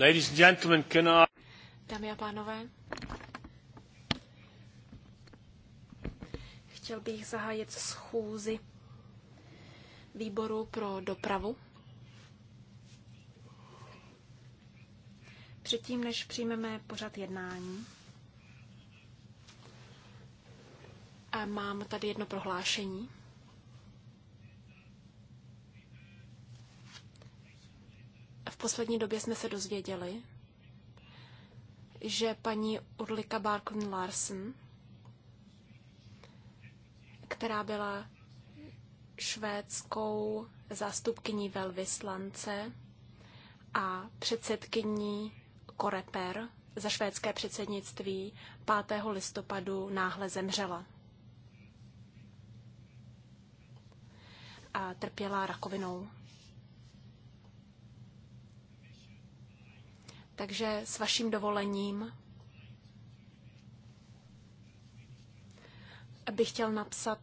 Ladies and gentlemen, can I... Dámy a pánové, chtěl bych zahájit schůzi výboru pro dopravu. Předtím, než přijmeme pořad jednání, a mám tady jedno prohlášení. poslední době jsme se dozvěděli, že paní Urlika Barkon Larsen, která byla švédskou zástupkyní velvyslance a předsedkyní Koreper za švédské předsednictví 5. listopadu náhle zemřela. A trpěla rakovinou Takže s vaším dovolením bych chtěl napsat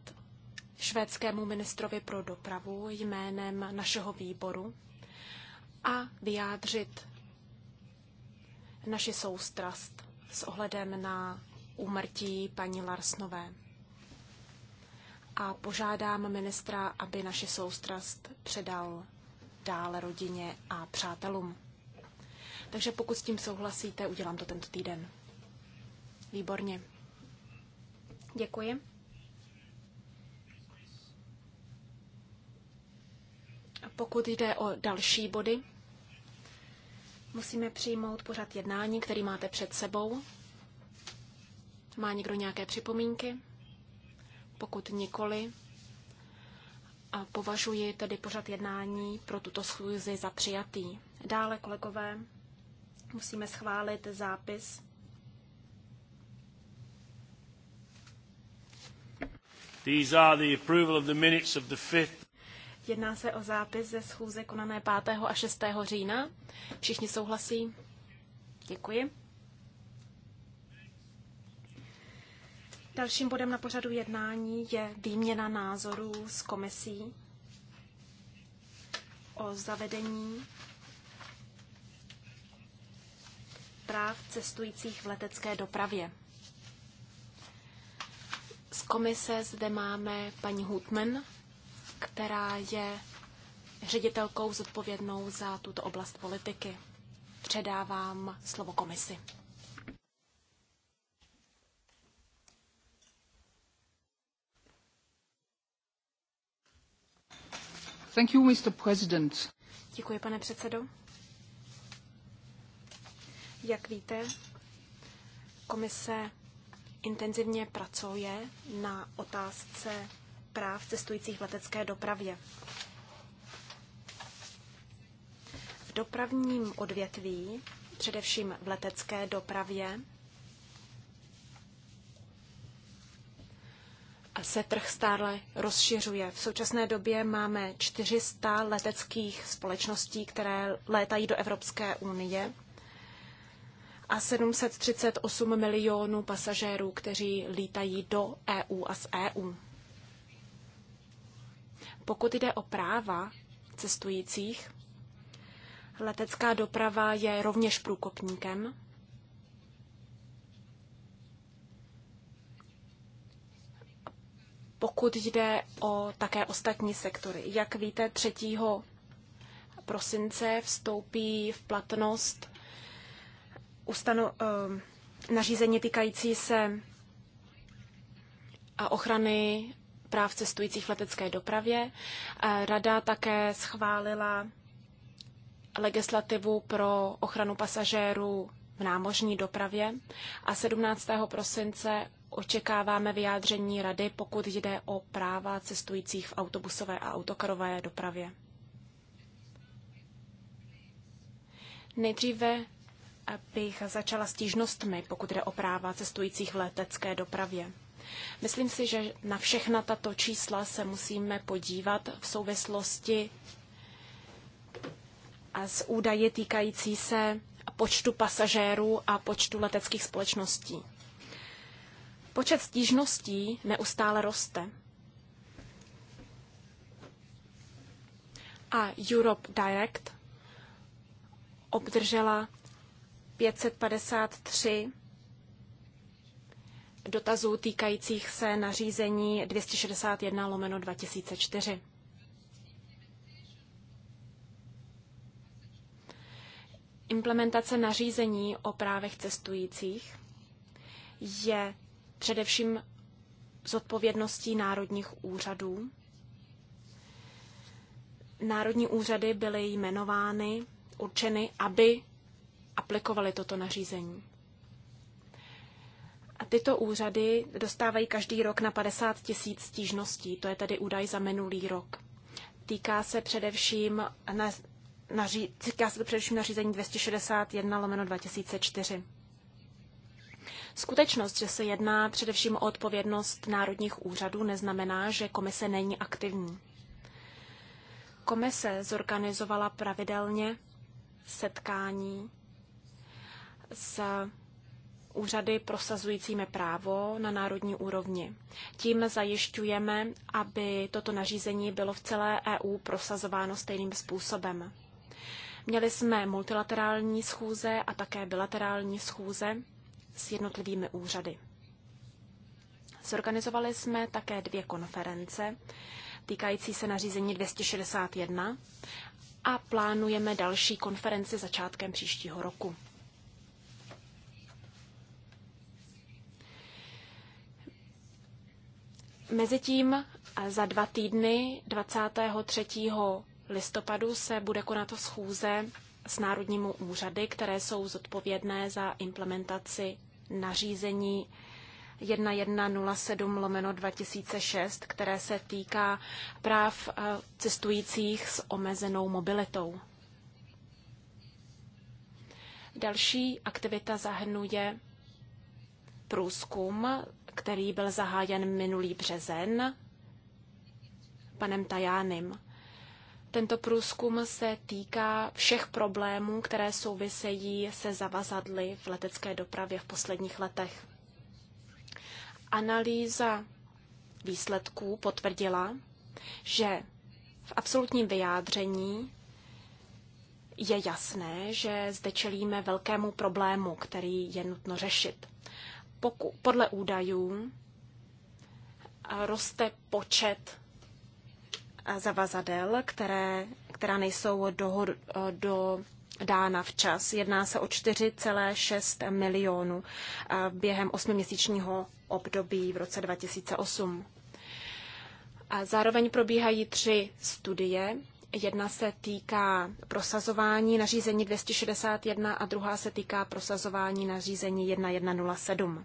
švédskému ministrovi pro dopravu jménem našeho výboru a vyjádřit naši soustrast s ohledem na úmrtí paní Larsnové. A požádám ministra, aby naši soustrast předal dále rodině a přátelům. Takže pokud s tím souhlasíte, udělám to tento týden. Výborně. Děkuji. Pokud jde o další body, musíme přijmout pořad jednání, který máte před sebou. Má někdo nějaké připomínky? Pokud nikoli, a považuji tedy pořad jednání pro tuto schůzi za přijatý. Dále, kolegové, Musíme schválit zápis. These are the approval of the minutes of the fifth. Jedná se o zápis ze schůze konané 5. a 6. října. Všichni souhlasí? Děkuji. Dalším bodem na pořadu jednání je výměna názorů s komisí o zavedení práv cestujících v letecké dopravě. Z komise zde máme paní Hutman, která je ředitelkou zodpovědnou za tuto oblast politiky. Předávám slovo komisi. Thank you, Mr. President. Děkuji, pane předsedo. Jak víte, komise intenzivně pracuje na otázce práv cestujících v letecké dopravě. V dopravním odvětví, především v letecké dopravě, se trh stále rozšiřuje. V současné době máme 400 leteckých společností, které létají do Evropské unie a 738 milionů pasažérů, kteří lítají do EU a z EU. Pokud jde o práva cestujících, letecká doprava je rovněž průkopníkem. Pokud jde o také ostatní sektory, jak víte, 3. prosince vstoupí v platnost ustano, eh, nařízení týkající se eh, ochrany práv cestujících v letecké dopravě. Eh, Rada také schválila legislativu pro ochranu pasažérů v námořní dopravě a 17. prosince očekáváme vyjádření rady, pokud jde o práva cestujících v autobusové a autokarové dopravě. Nejdříve bych začala stížnostmi, pokud jde o práva cestujících v letecké dopravě. Myslím si, že na všechna tato čísla se musíme podívat v souvislosti a s údaji týkající se počtu pasažérů a počtu leteckých společností. Počet stížností neustále roste. A Europe Direct obdržela 553 dotazů týkajících se nařízení 261 lomeno 2004. Implementace nařízení o právech cestujících je především zodpovědností národních úřadů. Národní úřady byly jmenovány, určeny, aby aplikovaly toto nařízení. A tyto úřady dostávají každý rok na 50 tisíc stížností, to je tedy údaj za minulý rok. Týká se především na, naří, týká se to především nařízení 261 lomeno 2004. Skutečnost, že se jedná především o odpovědnost národních úřadů, neznamená, že komise není aktivní. Komise zorganizovala pravidelně setkání s úřady prosazujícími právo na národní úrovni. Tím zajišťujeme, aby toto nařízení bylo v celé EU prosazováno stejným způsobem. Měli jsme multilaterální schůze a také bilaterální schůze s jednotlivými úřady. Zorganizovali jsme také dvě konference týkající se nařízení 261 a plánujeme další konferenci začátkem příštího roku. Mezitím za dva týdny 23. listopadu se bude konat schůze s národními úřady, které jsou zodpovědné za implementaci nařízení 1107 lomeno 2006, které se týká práv eh, cestujících s omezenou mobilitou. Další aktivita zahrnuje průzkum který byl zahájen minulý březen panem Tajánem. Tento průzkum se týká všech problémů, které souvisejí se zavazadly v letecké dopravě v posledních letech. Analýza výsledků potvrdila, že v absolutním vyjádření je jasné, že zde čelíme velkému problému, který je nutno řešit poku, podle údajů roste počet zavazadel, které, která nejsou dohod, do, dána včas. Jedná se o 4,6 milionů během osmiměsíčního období v roce 2008. A zároveň probíhají tři studie Jedna se týká prosazování nařízení 261 a druhá se týká prosazování nařízení 1107.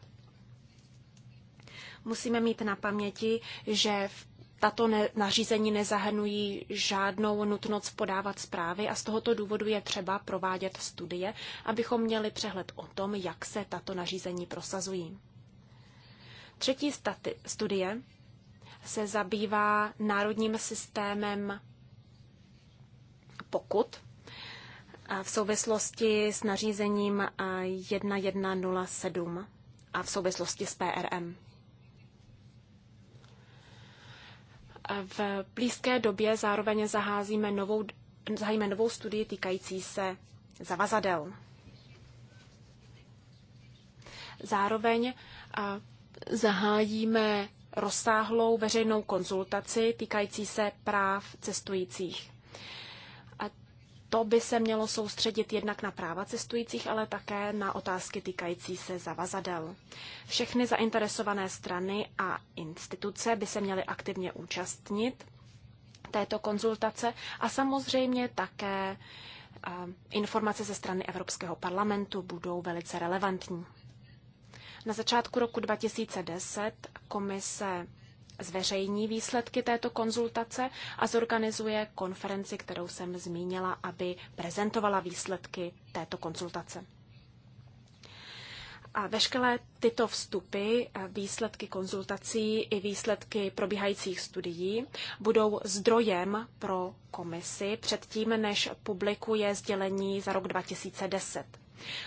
Musíme mít na paměti, že v tato ne- nařízení nezahrnují žádnou nutnost podávat zprávy a z tohoto důvodu je třeba provádět studie, abychom měli přehled o tom, jak se tato nařízení prosazují. Třetí studie se zabývá národním systémem pokut v souvislosti s nařízením 1107 a v souvislosti s PRM. V blízké době zároveň zaházíme novou, zahájíme novou studii týkající se zavazadel. Zároveň zahájíme rozsáhlou veřejnou konzultaci týkající se práv cestujících to by se mělo soustředit jednak na práva cestujících, ale také na otázky týkající se zavazadel. Všechny zainteresované strany a instituce by se měly aktivně účastnit této konzultace a samozřejmě také eh, informace ze strany Evropského parlamentu budou velice relevantní. Na začátku roku 2010 komise zveřejní výsledky této konzultace a zorganizuje konferenci, kterou jsem zmínila, aby prezentovala výsledky této konzultace. A veškeré tyto vstupy, výsledky konzultací i výsledky probíhajících studií budou zdrojem pro komisi předtím, než publikuje sdělení za rok 2010.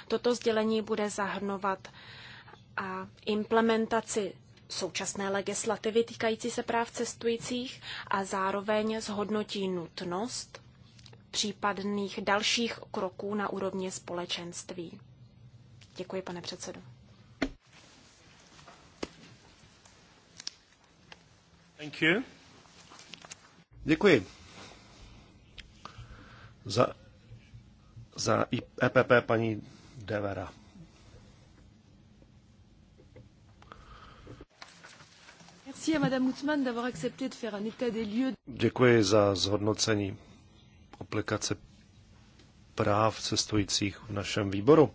Toto sdělení bude zahrnovat implementaci současné legislativy týkající se práv cestujících a zároveň zhodnotí nutnost případných dalších kroků na úrovni společenství. Děkuji, pane předsedo. Thank you. Děkuji. Za, za EPP paní Devera. merci à Madame d'avoir accepté de faire un état des lieux. Děkuji za zhodnocení aplikace práv cestujících v našem výboru.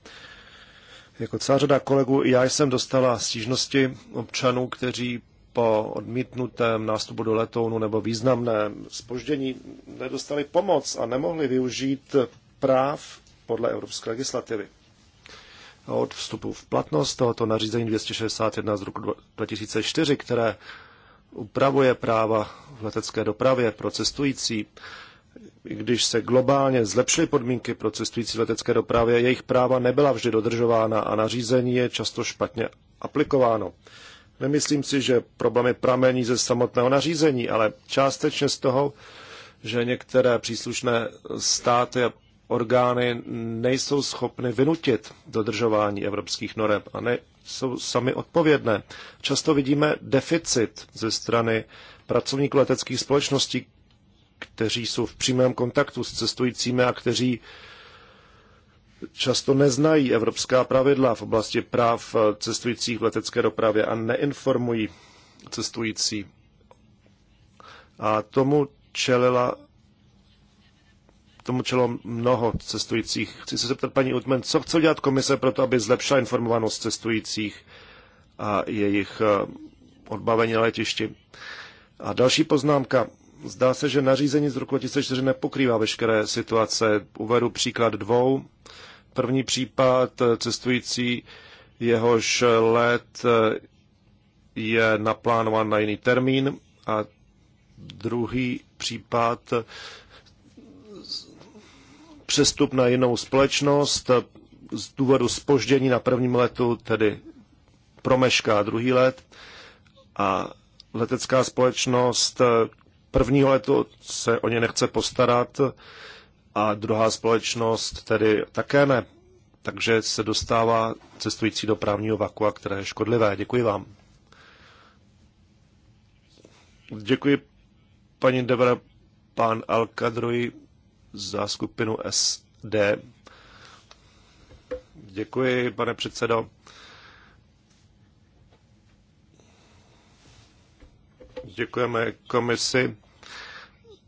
Jako celá řada kolegů, já jsem dostala stížnosti občanů, kteří po odmítnutém nástupu do letounu nebo významném spoždění nedostali pomoc a nemohli využít práv podle evropské legislativy od vstupu v platnost tohoto nařízení 261 z roku 2004, které upravuje práva v letecké dopravě pro cestující. Když se globálně zlepšily podmínky pro cestující letecké dopravě, jejich práva nebyla vždy dodržována a nařízení je často špatně aplikováno. Nemyslím si, že problémy pramení ze samotného nařízení, ale částečně z toho, že některé příslušné státy a orgány nejsou schopny vynutit dodržování evropských norem a ne, jsou sami odpovědné. Často vidíme deficit ze strany pracovníků leteckých společností, kteří jsou v přímém kontaktu s cestujícími a kteří často neznají evropská pravidla v oblasti práv cestujících v letecké dopravě a neinformují cestující. A tomu čelila tomu čelo mnoho cestujících. Chci se zeptat paní Utmen, co chce dělat komise pro to, aby zlepšila informovanost cestujících a jejich eh, odbavení na letišti. A další poznámka. Zdá se, že nařízení z roku 2004 nepokrývá veškeré situace. Uvedu příklad dvou. První případ eh, cestující, jehož let eh, je naplánován na jiný termín a druhý případ přestup na jinou společnost z důvodu spoždění na prvním letu, tedy promešká druhý let a letecká společnost prvního letu se o ně nechce postarat a druhá společnost tedy také ne. Takže se dostává cestující do právního vakua, které je škodlivé. Děkuji vám. Děkuji paní Debra, pán Alkadruji za skupinu SD. Děkuji, pane předsedo. Děkujeme komisi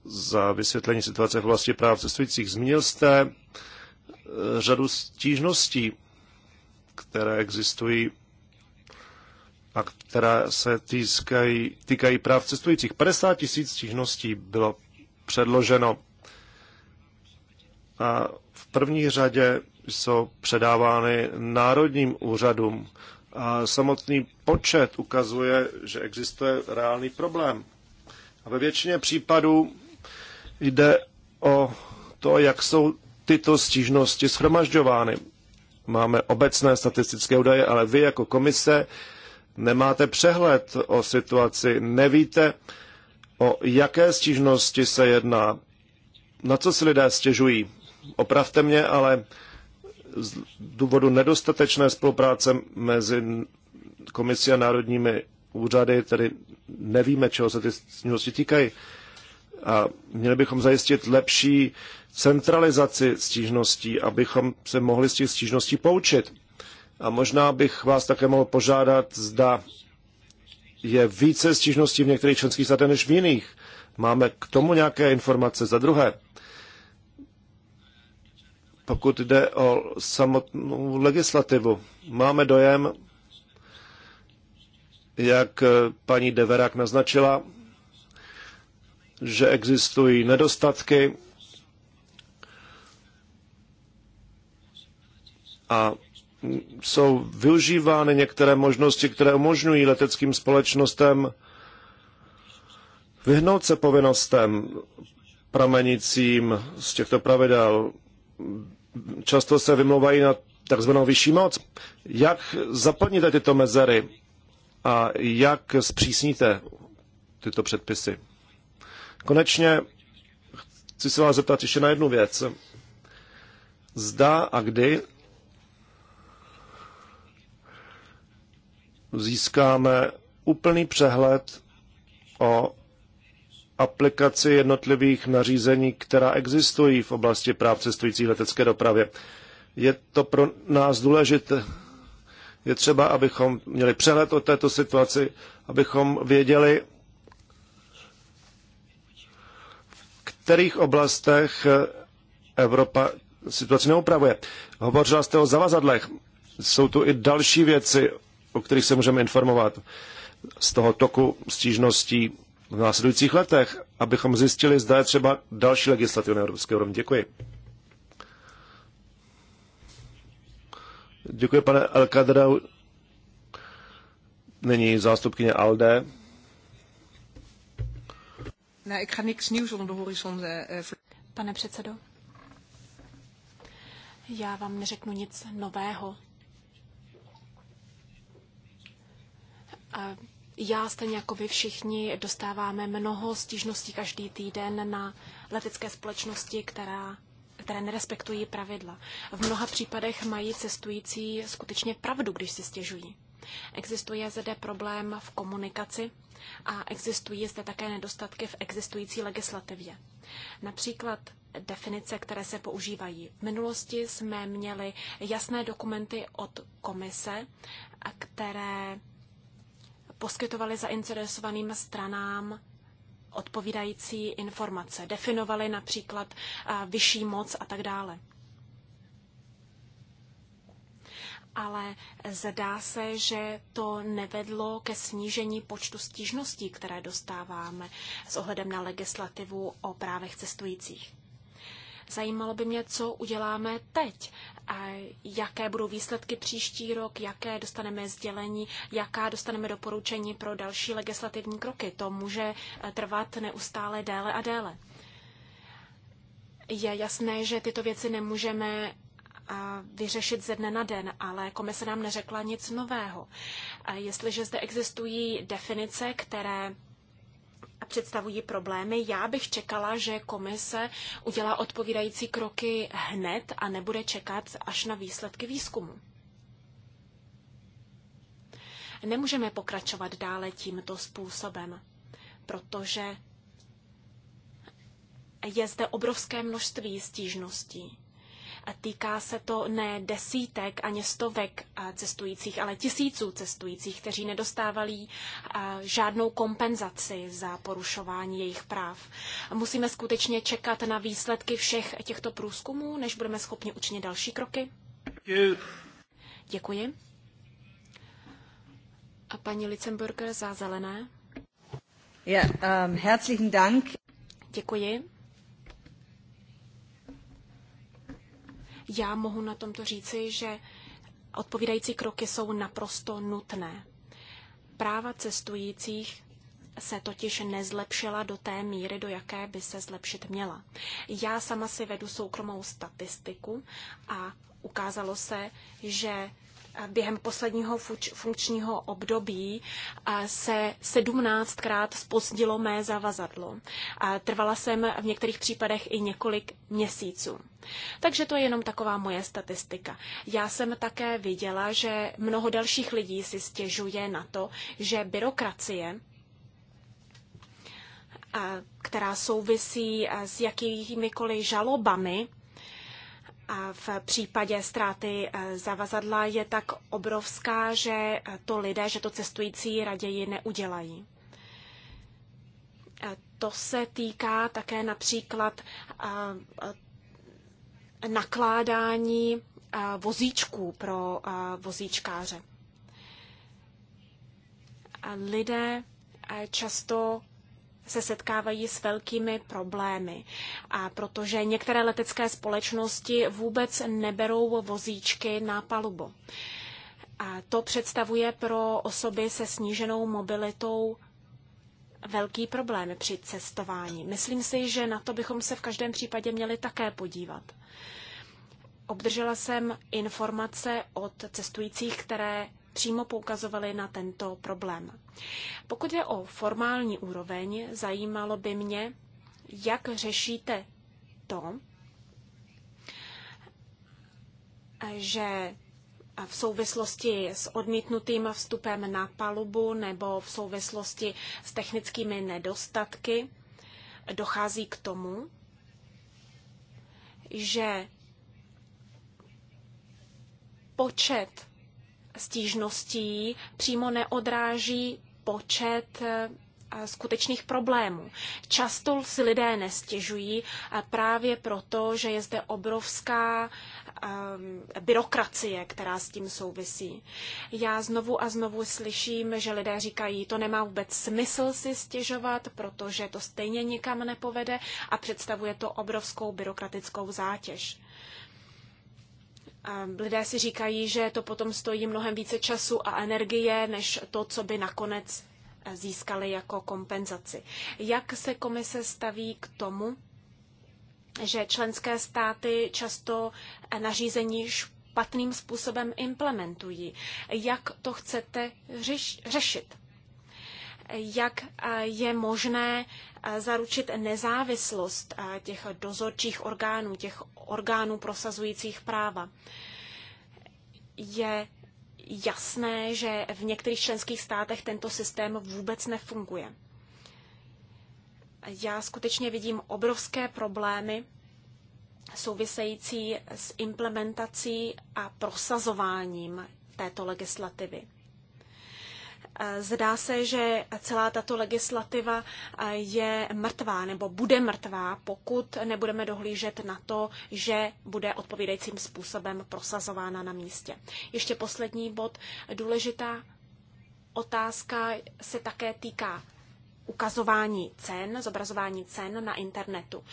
za vysvětlení situace v oblasti práv cestujících. Zmínil jste eh, řadu stížností, které existují a která se týskají, týkají práv cestujících. 50 tisíc stížností bylo předloženo a v první řadě jsou předávány národním úřadům. A samotný počet ukazuje, že existuje reálný problém. A ve většině případů jde o to, jak jsou tyto stížnosti shromažďovány. Máme obecné statistické údaje, ale vy jako komise nemáte přehled o situaci, nevíte, o jaké stížnosti se jedná, na co si lidé stěžují opravte mě, ale z důvodu nedostatečné spolupráce mezi komisí a národními úřady, tedy nevíme, čeho se ty stížnosti týkají. A měli bychom zajistit lepší centralizaci stížností, abychom se mohli z těch stížností poučit. A možná bych vás také mohl požádat, zda je více stížností v některých členských státech než v jiných. Máme k tomu nějaké informace. Za druhé, pokud jde o samotnou legislativu. Máme dojem, jak paní Deverák naznačila, že existují nedostatky a jsou využívány některé možnosti, které umožňují leteckým společnostem vyhnout se povinnostem pramenícím z těchto pravidel často se vymlouvají na takzvanou vyšší moc. Jak zaplníte tyto mezery a jak zpřísníte tyto předpisy? Konečně chci se vás zeptat ještě na jednu věc. Zda a kdy získáme úplný přehled o aplikaci jednotlivých nařízení, která existují v oblasti práv cestujících letecké dopravě. Je to pro nás důležité. Je třeba, abychom měli přehled o této situaci, abychom věděli, v kterých oblastech Evropa situaci neupravuje. Hovořila jste o zavazadlech. Jsou tu i další věci, o kterých se můžeme informovat z toho toku stížností v následujících letech, abychom zjistili, zda je třeba další legislativní evropské úrovni. Děkuji. Děkuji, pane Alkadrau. Není zástupkyně ALDE. Eh, eh, pane předsedo, já vám neřeknu nic nového. A já stejně jako vy všichni dostáváme mnoho stížností každý týden na letecké společnosti, která, které nerespektují pravidla. V mnoha případech mají cestující skutečně pravdu, když si stěžují. Existuje zde problém v komunikaci a existují zde také nedostatky v existující legislativě. Například definice, které se používají. V minulosti jsme měli jasné dokumenty od komise, které poskytovali zainteresovaným stranám odpovídající informace, definovali například eh, vyšší moc a tak dále. ale zdá se, že to nevedlo ke snížení počtu stížností, které dostáváme s ohledem na legislativu o právech cestujících. Zajímalo by mě, co uděláme teď, a jaké budou výsledky příští rok, jaké dostaneme sdělení, jaká dostaneme doporučení pro další legislativní kroky. To může eh, trvat neustále déle a déle. Je jasné, že tyto věci nemůžeme eh, vyřešit ze dne na den, ale komise nám neřekla nic nového. Jestliže zde existují definice, které představují problémy. Já bych čekala, že komise udělá odpovídající kroky hned a nebude čekat až na výsledky výzkumu. Nemůžeme pokračovat dále tímto způsobem, protože je zde obrovské množství stížností. Týká se to ne desítek ani stovek cestujících, ale tisíců cestujících, kteří nedostávali žádnou kompenzaci za porušování jejich práv. Musíme skutečně čekat na výsledky všech těchto průzkumů, než budeme schopni učinit další kroky? Děkuji. A paní Licemburger za zelené. Ja, um, herzlichen Dank. Děkuji. Já mohu na tomto říci, že odpovídající kroky jsou naprosto nutné. Práva cestujících se totiž nezlepšila do té míry, do jaké by se zlepšit měla. Já sama si vedu soukromou statistiku a ukázalo se, že během posledního funkčního období se 17krát spozdilo mé zavazadlo. Trvala jsem v některých případech i několik měsíců. Takže to je jenom taková moje statistika. Já jsem také viděla, že mnoho dalších lidí si stěžuje na to, že byrokracie která souvisí s jakýmikoliv žalobami, a v případě ztráty eh, zavazadla je tak obrovská, že eh, to lidé, že to cestující raději neudělají. Eh, to se týká také například nakládání vozíčků pro vozíčkáře. Lidé často se setkávají s velkými problémy, a protože některé letecké společnosti vůbec neberou vozíčky na palubu. A to představuje pro osoby se sníženou mobilitou velký problém při cestování. Myslím si, že na to bychom se v každém případě měli také podívat. Obdržela jsem informace od cestujících, které přímo poukazovali na tento problém. Pokud je o formální úroveň, zajímalo by mě, jak řešíte to, že v souvislosti s odmítnutým vstupem na palubu nebo v souvislosti s technickými nedostatky dochází k tomu, že počet stížností přímo neodráží počet eh, skutečných problémů. Často si lidé nestěžují eh, právě proto, že je zde obrovská eh, byrokracie, která s tím souvisí. Já znovu a znovu slyším, že lidé říkají, to nemá vůbec smysl si stěžovat, protože to stejně nikam nepovede a představuje to obrovskou byrokratickou zátěž lidé si říkají, že to potom stojí mnohem více času a energie, než to, co by nakonec eh, získali jako kompenzaci. Jak se komise staví k tomu, že členské státy často eh, nařízení špatným způsobem implementují? Jak to chcete řeš řešit? jak je možné zaručit nezávislost těch dozorčích orgánů, těch orgánů prosazujících práva. Je jasné, že v některých členských státech tento systém vůbec nefunguje. Já skutečně vidím obrovské problémy související s implementací a prosazováním této legislativy. Zdá se, že celá tato legislativa je mrtvá nebo bude mrtvá, pokud nebudeme dohlížet na to, že bude odpovídajícím způsobem prosazována na místě. Ještě poslední bod. Důležitá otázka se také týká ukazování cen, zobrazování cen na internetu.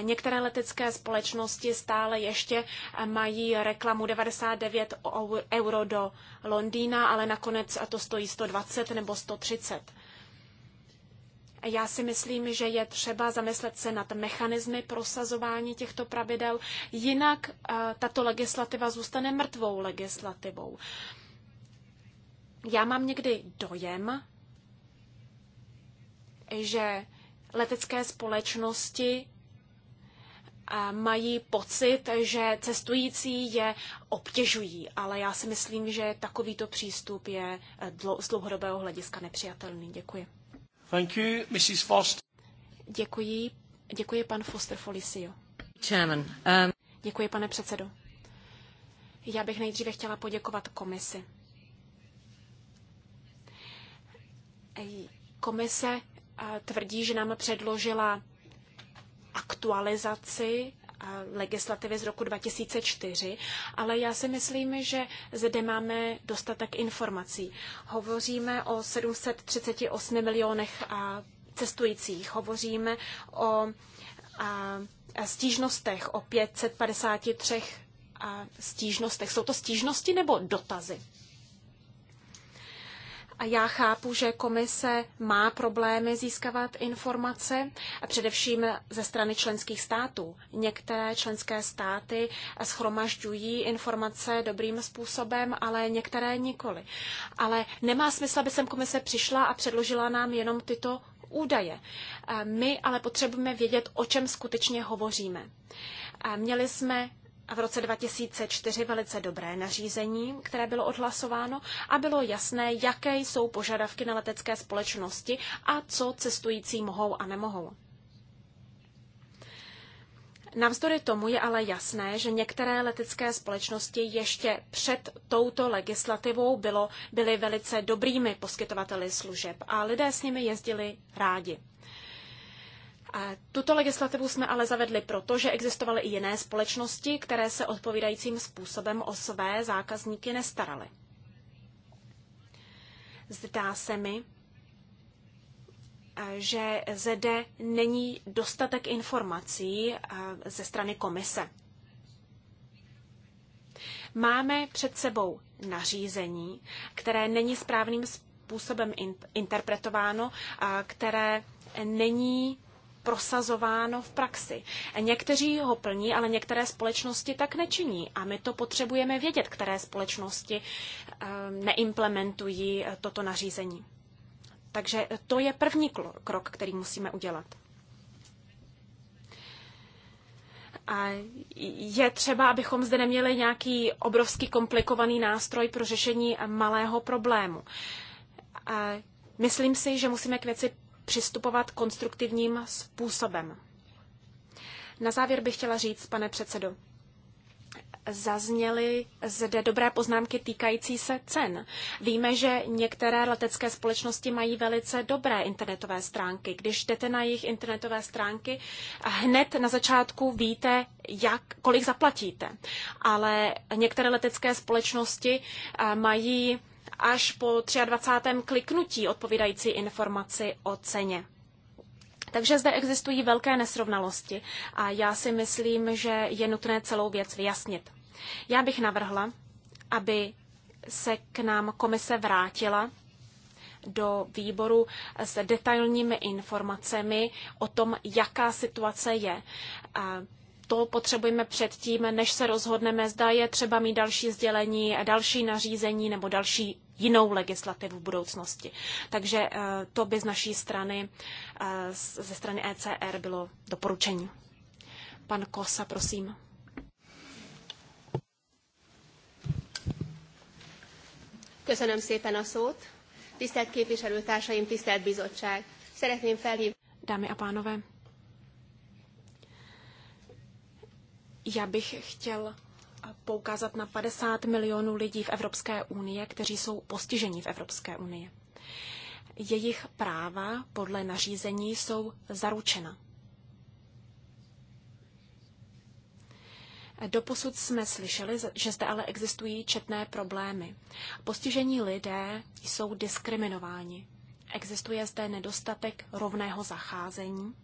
Některé letecké společnosti stále ještě mají reklamu 99 euro do Londýna, ale nakonec to stojí 120 nebo 130. Já si myslím, že je třeba zamyslet se nad mechanismy prosazování těchto pravidel, jinak eh, tato legislativa zůstane mrtvou legislativou. Já mám někdy dojem, že letecké společnosti mají pocit, že cestující je obtěžují, ale já si myslím, že takovýto přístup je e, z dlouhodobého hlediska nepřijatelný. Děkuji. Thank you, Mrs. Foster. Děkuji, děkuji pan Foster Folisio. Chairman, um... Děkuji, pane předsedo. Já bych nejdříve chtěla poděkovat komisi. Komise tvrdí, že nám předložila aktualizaci legislativy z roku 2004, ale já si myslím, že zde máme dostatek informací. Hovoříme o 738 milionech cestujících, hovoříme o stížnostech, o 553 stížnostech. Jsou to stížnosti nebo dotazy? A Já chápu, že komise má problémy získávat informace, a především ze strany členských států. Některé členské státy schromažďují informace dobrým způsobem, ale některé nikoli. Ale nemá smysl, aby sem komise přišla a předložila nám jenom tyto údaje. My ale potřebujeme vědět, o čem skutečně hovoříme. Měli jsme v roce 2004 velice dobré nařízení, které bylo odhlasováno a bylo jasné, jaké jsou požadavky na letecké společnosti a co cestující mohou a nemohou. Navzdory tomu je ale jasné, že některé letecké společnosti ještě před touto legislativou bylo, byly velice dobrými poskytovateli služeb a lidé s nimi jezdili rádi. Tuto legislativu jsme ale zavedli proto, že existovaly i jiné společnosti, které se odpovídajícím způsobem o své zákazníky nestaraly. Zdá se mi, eh, že zde není dostatek informací eh, ze strany komise. Máme před sebou nařízení, které není správným způsobem interpretováno, které není prosazováno v praxi. Někteří ho plní, ale některé společnosti tak nečiní. A my to potřebujeme vědět, které společnosti eh, neimplementují eh, toto nařízení. Takže to je první krok, který musíme udělat. A je třeba, abychom zde neměli nějaký obrovský komplikovaný nástroj pro řešení malého problému. A myslím si, že musíme k věci přistupovat konstruktivním způsobem. Na závěr bych chtěla říct, pane předsedo, zazněly zde dobré poznámky týkající se cen. Víme, že některé letecké společnosti mají velice dobré internetové stránky. Když jdete na jejich internetové stránky, hned na začátku víte, jak, kolik zaplatíte. Ale některé letecké společnosti eh, mají až po 23. kliknutí odpovídající informaci o ceně. Takže zde existují velké nesrovnalosti a já si myslím, že je nutné celou věc vyjasnit. Já bych navrhla, aby se k nám komise vrátila do výboru s detailními informacemi o tom, jaká situace je to potřebujeme předtím, než se rozhodneme, zda je třeba mít další sdělení, další nařízení nebo další jinou legislativu v budoucnosti. Takže eh, to by z naší strany, eh, ze strany ECR bylo doporučení. Pan Kosa, prosím. Köszönöm szépen a szót. Tisztelt képviselőtársaim, tisztelt bizottság! Szeretném felhívni. Dámy a pánové, Já bych chtěl eh, poukázat na 50 milionů lidí v Evropské unii, kteří jsou postiženi v Evropské unii. Jejich práva podle nařízení jsou zaručena. Doposud jsme slyšeli, že zde ale existují četné problémy. Postižení lidé jsou diskriminováni. Existuje zde nedostatek rovného zacházení,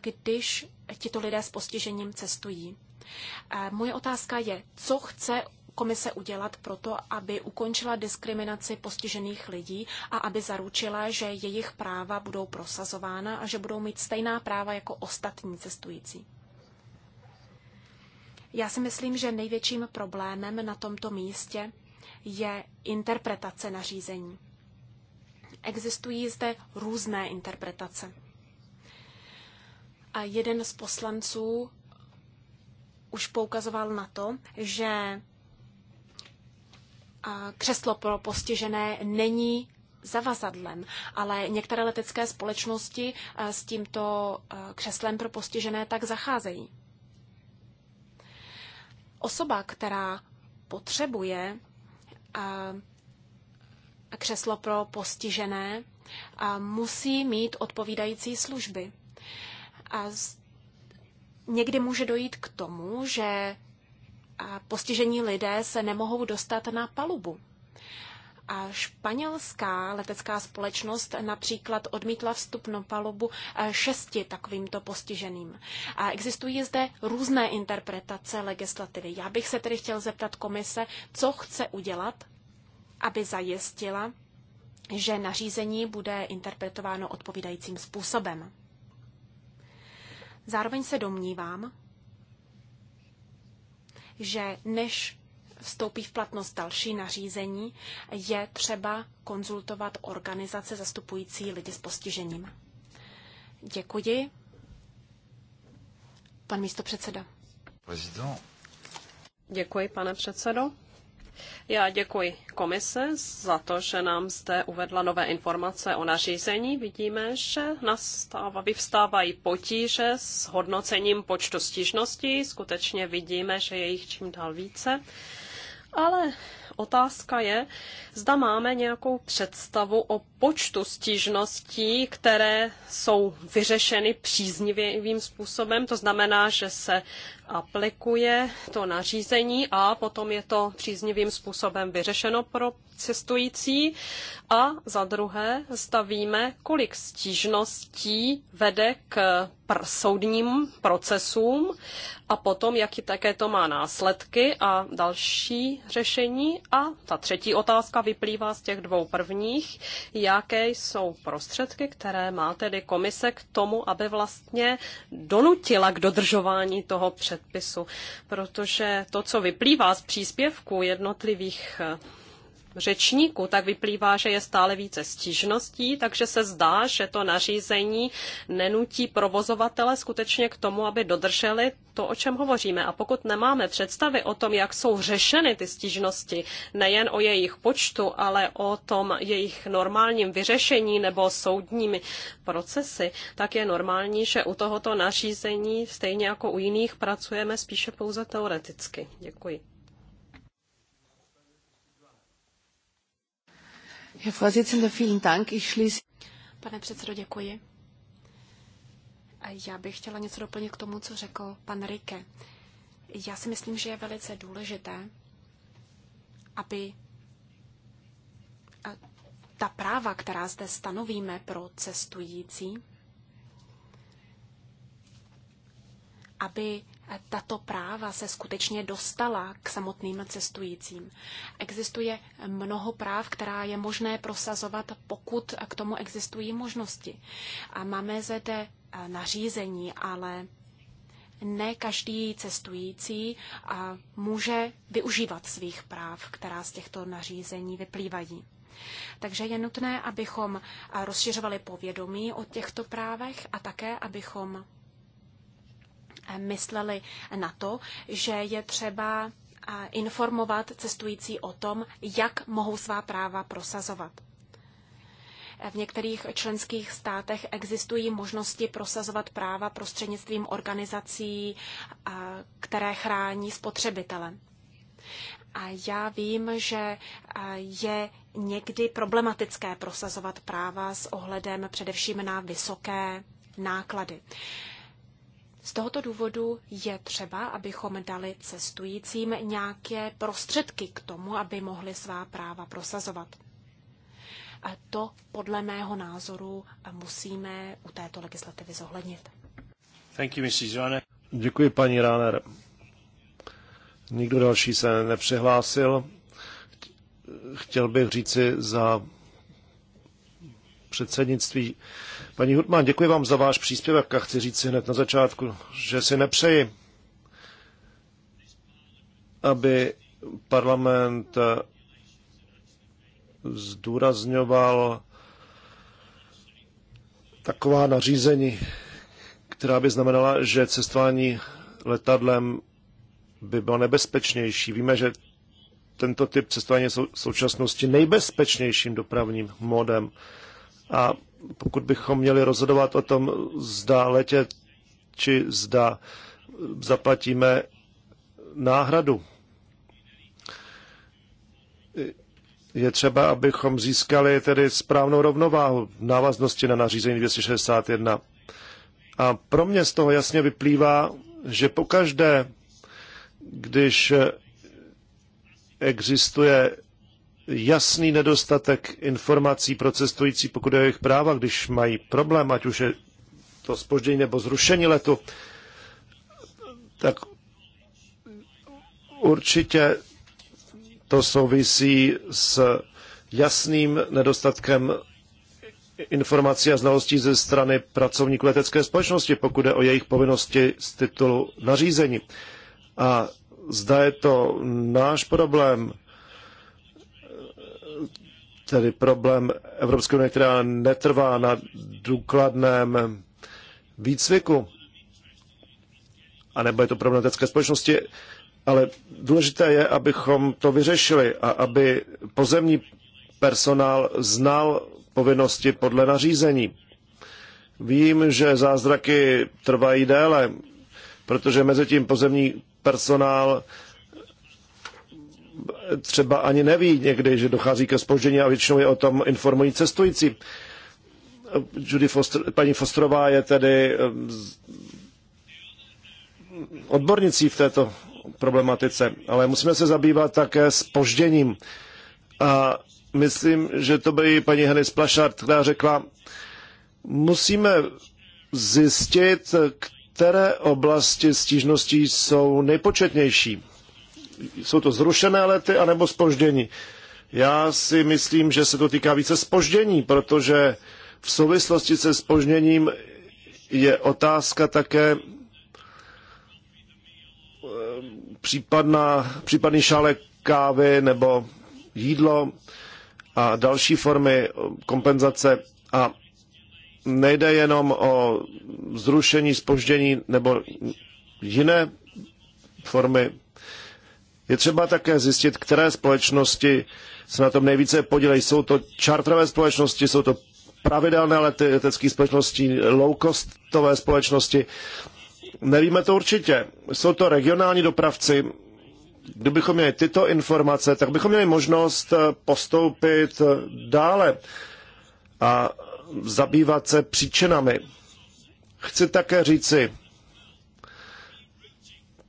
když tito lidé s postižením cestují. Moje otázka je, co chce komise udělat proto, aby ukončila diskriminaci postižených lidí a aby zaručila, že jejich práva budou prosazována a že budou mít stejná práva jako ostatní cestující. Já si myslím, že největším problémem na tomto místě je interpretace nařízení. Existují zde různé interpretace. A jeden z poslanců už poukazoval na to, že křeslo pro postižené není zavazadlem, ale některé letecké společnosti s tímto křeslem pro postižené tak zacházejí. Osoba, která potřebuje křeslo pro postižené, musí mít odpovídající služby. A někdy může dojít k tomu, že postižení lidé se nemohou dostat na palubu. A španělská letecká společnost například odmítla vstup na palubu šesti takovýmto postiženým. A existují zde různé interpretace legislativy. Já bych se tedy chtěl zeptat komise, co chce udělat, aby zajistila, že nařízení bude interpretováno odpovídajícím způsobem. Zároveň se domnívám, že než vstoupí v platnost další nařízení, je třeba konzultovat organizace zastupující lidi s postižením. Děkuji. Pan místo předseda. Prezident. Děkuji, pane předsedo. Já děkuji komise za to, že nám zde uvedla nové informace o nařízení. Vidíme, že nastává, vyvstávají potíže s hodnocením počtu stížností. Skutečně vidíme, že je jich čím dál více. Ale otázka je, zda máme nějakou představu o počtu stížností, které jsou vyřešeny příznivým způsobem. To znamená, že se aplikuje to nařízení a potom je to příznivým způsobem vyřešeno pro cestující. A za druhé stavíme, kolik stížností vede k pr- soudním procesům a potom, jaký také to má následky a další řešení. A ta třetí otázka vyplývá z těch dvou prvních, jaké jsou prostředky, které má tedy komise k tomu, aby vlastně donutila k dodržování toho před předpisu, protože to, co vyplývá z příspěvku jednotlivých řečníků, tak vyplývá, že je stále více stížností, takže se zdá, že to nařízení nenutí provozovatele skutečně k tomu, aby dodrželi to, o čem hovoříme. A pokud nemáme představy o tom, jak jsou řešeny ty stížnosti, nejen o jejich počtu, ale o tom jejich normálním vyřešení nebo soudními procesy, tak je normální, že u tohoto nařízení stejně jako u jiných pracujeme spíše pouze teoreticky. Děkuji. Pane předsedo, děkuji. Já bych chtěla něco doplnit k tomu, co řekl pan Rike. Já si myslím, že je velice důležité, aby ta práva, která zde stanovíme pro cestující, aby tato práva se skutečně dostala k samotným cestujícím. Existuje mnoho práv, která je možné prosazovat, pokud k tomu existují možnosti. A máme zde eh, nařízení, ale ne každý cestující eh, může využívat svých práv, která z těchto nařízení vyplývají. Takže je nutné, abychom eh, rozšiřovali povědomí o těchto právech a také, abychom Eh, mysleli na to, že je třeba eh, informovat cestující o tom, jak mohou svá práva prosazovat. Eh, v některých členských státech existují možnosti prosazovat práva prostřednictvím organizací, které chrání spotřebitele. A já vím, že je někdy problematické prosazovat práva s ohledem především na vysoké náklady. Z tohoto důvodu je třeba, abychom dali cestujícím nějaké prostředky k tomu, aby mohli svá práva prosazovat. A to podle mého názoru musíme u této legislativy zohlednit. Thank you, Mrs. Děkuji, paní Ráner. Nikdo další se nepřihlásil. Chtěl bych říci za předsednictví, Paní Hutman, děkuji vám za váš příspěvek a chci říct si hned na začátku, že si nepřeji, aby parlament zdůrazňoval taková nařízení, která by znamenala, že cestování letadlem by bylo nebezpečnější. Víme, že tento typ cestování je v současnosti nejbezpečnějším dopravním modem. A pokud bychom měli rozhodovat o tom, zda letět či zda zaplatíme náhradu. Je třeba, abychom získali tedy správnou rovnováhu v návaznosti na nařízení 261. A pro mě z toho jasně vyplývá, že pokaždé, když existuje jasný nedostatek informací pro cestující, pokud je jejich práva, když mají problém, ať už je to spoždění nebo zrušení letu, tak určitě to souvisí s jasným nedostatkem informací a znalostí ze strany pracovníků letecké společnosti, pokud je o jejich povinnosti z titulu nařízení. A zda je to náš problém, tedy problém Evropské unie, která netrvá na důkladném výcviku, a nebo je to problém letecké společnosti, ale důležité je, abychom to vyřešili a aby pozemní personál znal povinnosti podle nařízení. Vím, že zázraky trvají déle, protože mezi tím pozemní personál třeba ani neví někdy, že dochází ke spoždění a většinou je o tom informují cestující. Judy Foster, paní Fosterová je tedy odbornicí v této problematice, ale musíme se zabývat také spožděním. A myslím, že to by paní Henny Splašart, která řekla, musíme zjistit, které oblasti stížností jsou nejpočetnější jsou to zrušené lety anebo spoždění. Já si myslím, že se to týká více spoždění, protože v souvislosti se spožděním je otázka také eh, případná, případný šálek kávy nebo jídlo a další formy kompenzace. A nejde jenom o zrušení, spoždění nebo jiné formy je třeba také zjistit, které společnosti se na tom nejvíce podílejí. Jsou to čartrové společnosti, jsou to pravidelné lety letecké společnosti, low-costové společnosti. Nevíme to určitě. Jsou to regionální dopravci. Kdybychom měli tyto informace, tak bychom měli možnost eh, postoupit eh, dále a zabývat se příčinami. Chci také říci,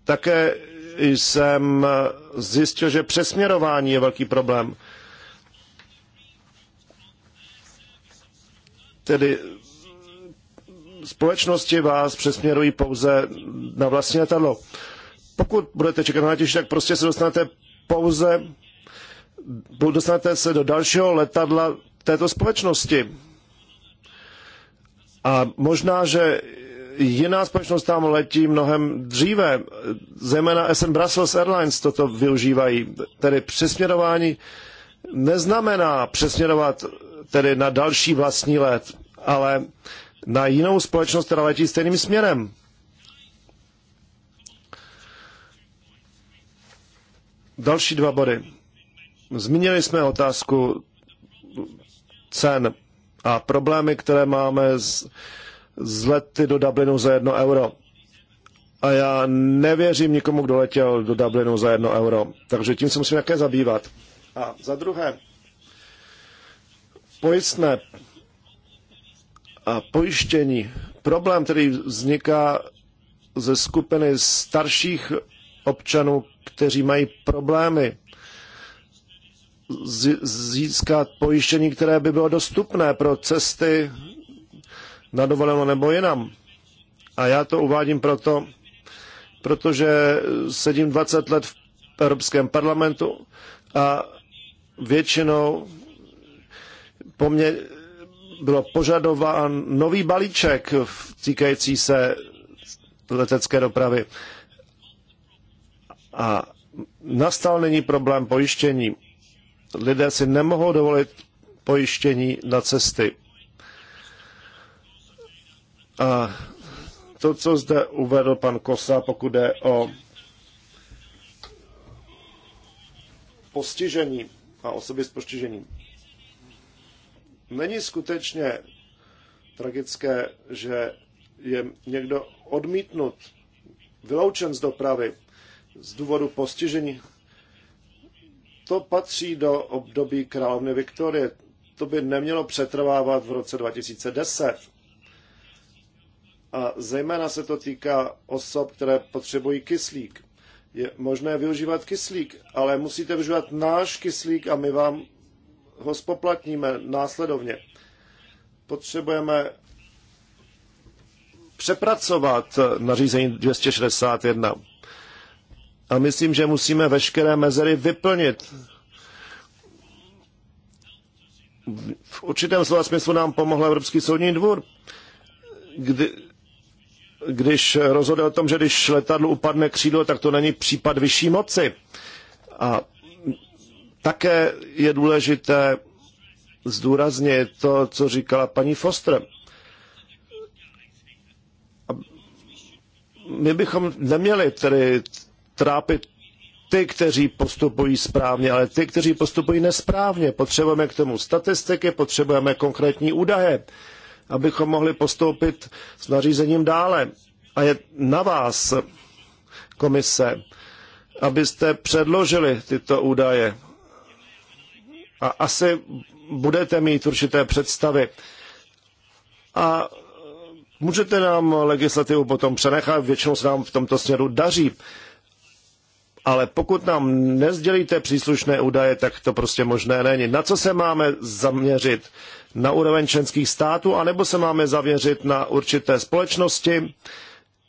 také jsem zjistil, že přesměrování je velký problém. Tedy společnosti vás přesměrují pouze na vlastní letadlo. Pokud budete čekat na letiště, tak prostě se dostanete pouze, dostanete se do dalšího letadla této společnosti. A možná, že jiná společnost tam letí mnohem dříve. Zejména SN Brussels Airlines toto využívají. Tedy přesměrování neznamená přesměrovat tedy na další vlastní let, ale na jinou společnost, která letí stejným směrem. Další dva body. Zmínili jsme otázku cen a problémy, které máme s z lety do Dublinu za jedno euro. A já nevěřím nikomu, kdo letěl do Dublinu za jedno euro. Takže tím se musím také zabývat. A za druhé, pojistné a pojištění. Problém, který vzniká ze skupiny starších občanů, kteří mají problémy získat pojištění, které by bylo dostupné pro cesty na dovoleno nebo jinam. A já to uvádím proto, protože sedím 20 let v Evropském parlamentu a většinou po mně bylo požadován nový balíček týkající se letecké dopravy. A nastal není problém pojištění. Lidé si nemohou dovolit pojištění na cesty. A to, co zde uvedl pan Kosa, pokud jde o postižení a osoby s postižením, není skutečně tragické, že je někdo odmítnut, vyloučen z dopravy z důvodu postižení. To patří do období královny Viktorie. To by nemělo přetrvávat v roce 2010 a zejména se to týká osob, které potřebují kyslík. Je možné využívat kyslík, ale musíte využívat náš kyslík a my vám ho spoplatníme následovně. Potřebujeme přepracovat nařízení 261. A myslím, že musíme veškeré mezery vyplnit. V určitém slova smyslu nám pomohl Evropský soudní dvůr, kdy, když rozhodl o tom, že když letadlu upadne křídlo, tak to není případ vyšší moci. A také je důležité zdůraznit to, co říkala paní Foster. A my bychom neměli tedy trápit ty, kteří postupují správně, ale ty, kteří postupují nesprávně. Potřebujeme k tomu statistiky, potřebujeme konkrétní údaje abychom mohli postoupit s nařízením dále. A je na vás, komise, abyste předložili tyto údaje. A asi budete mít určité představy. A můžete nám legislativu potom přenechat, většinou se nám v tomto směru daří. Ale pokud nám nezdělíte příslušné údaje, tak to prostě možné není. Na co se máme zaměřit? na úroveň členských států, anebo se máme zavěřit na určité společnosti.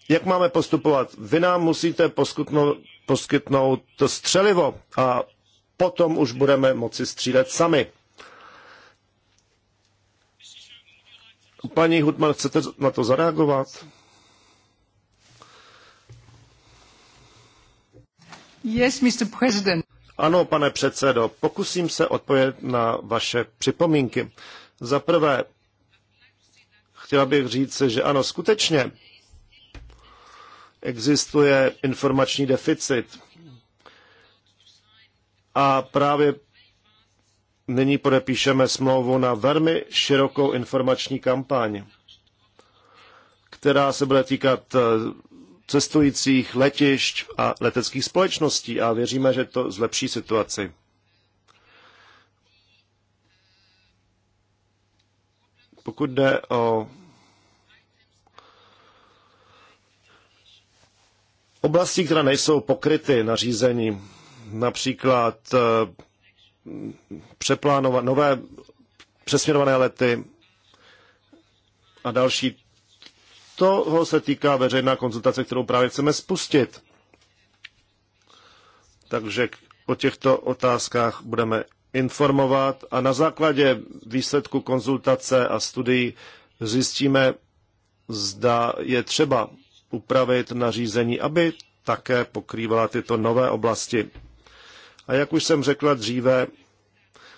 Jak máme postupovat? Vy nám musíte poskytnout, poskytnout střelivo a potom už budeme moci střílet sami. Paní Hutman, chcete na to zareagovat? Yes, Mr. President. Ano, pane předsedo, pokusím se odpovědět na vaše připomínky. Za prvé, chtěla bych říct, že ano, skutečně existuje informační deficit. A právě nyní podepíšeme smlouvu na velmi širokou informační kampaň, která se bude týkat eh, cestujících, letišť a leteckých společností a věříme, že to zlepší situaci. Pokud jde o oblasti, které nejsou pokryty nařízením, například eh, přeplánovat nové přesměrované lety a další. Toho se týká veřejná konzultace, kterou právě chceme spustit. Takže o těchto otázkách budeme informovat a na základě výsledku konzultace a studií zjistíme, zda je třeba upravit nařízení, aby také pokrývala tyto nové oblasti. A jak už jsem řekla dříve,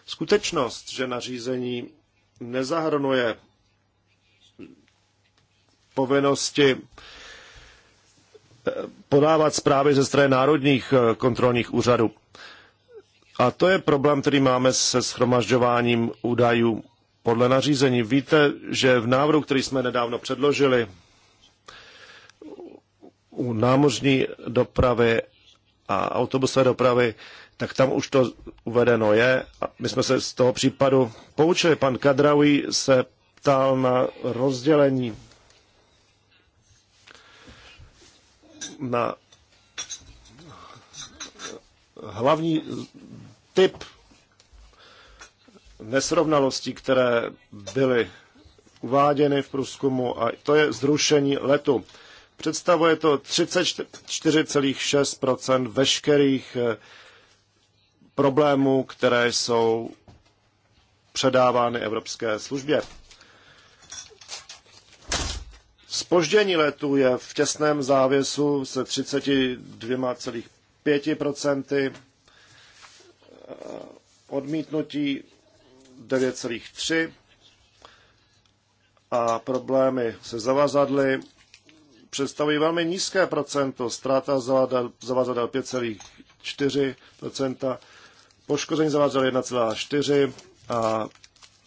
skutečnost, že nařízení nezahrnuje povinnosti eh, podávat zprávy ze strany národních eh, kontrolních úřadů. A to je problém, který máme se schromažďováním údajů podle nařízení. Víte, že v návrhu, který jsme nedávno předložili u námořní dopravy a autobusové dopravy, tak tam už to uvedeno je. A my jsme se z toho případu poučili. Pan kadraují se ptal na rozdělení na hlavní typ nesrovnalostí, které byly uváděny v průzkumu, a to je zrušení letu. Představuje to 34,6 veškerých eh, problémů, které jsou předávány Evropské službě. Spoždění letu je v těsném závěsu se 32,5 Eh, odmítnutí 9,3 a problémy se zavazadly představují velmi nízké procento, ztráta zavazadel 5,4%, poškození zavazadel 1,4% a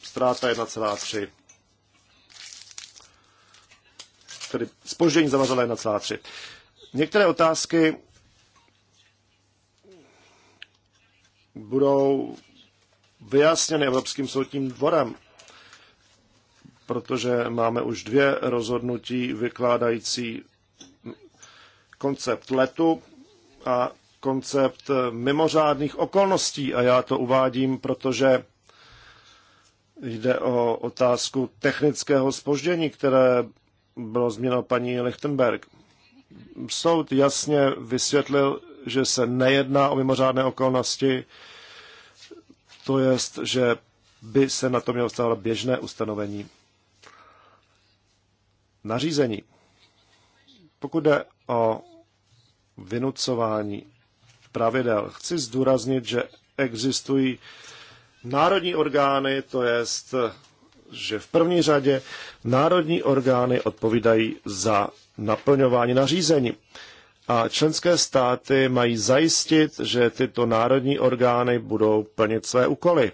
ztráta 1,3%. Tedy spoždění zavazadel 1,3%. Některé otázky budou vyjasněny Evropským soudním dvorem, protože máme už dvě rozhodnutí vykládající koncept letu a koncept mimořádných okolností. A já to uvádím, protože jde o otázku technického spoždění, které bylo změno paní Lichtenberg. Soud jasně vysvětlil, že se nejedná o mimořádné okolnosti, to jest, že by se na to mělo stávat běžné ustanovení nařízení. Pokud jde o vynucování pravidel, chci zdůraznit, že existují národní orgány, to jest, že v první řadě národní orgány odpovídají za naplňování nařízení a členské státy mají zajistit, že tyto národní orgány budou plnit své úkoly.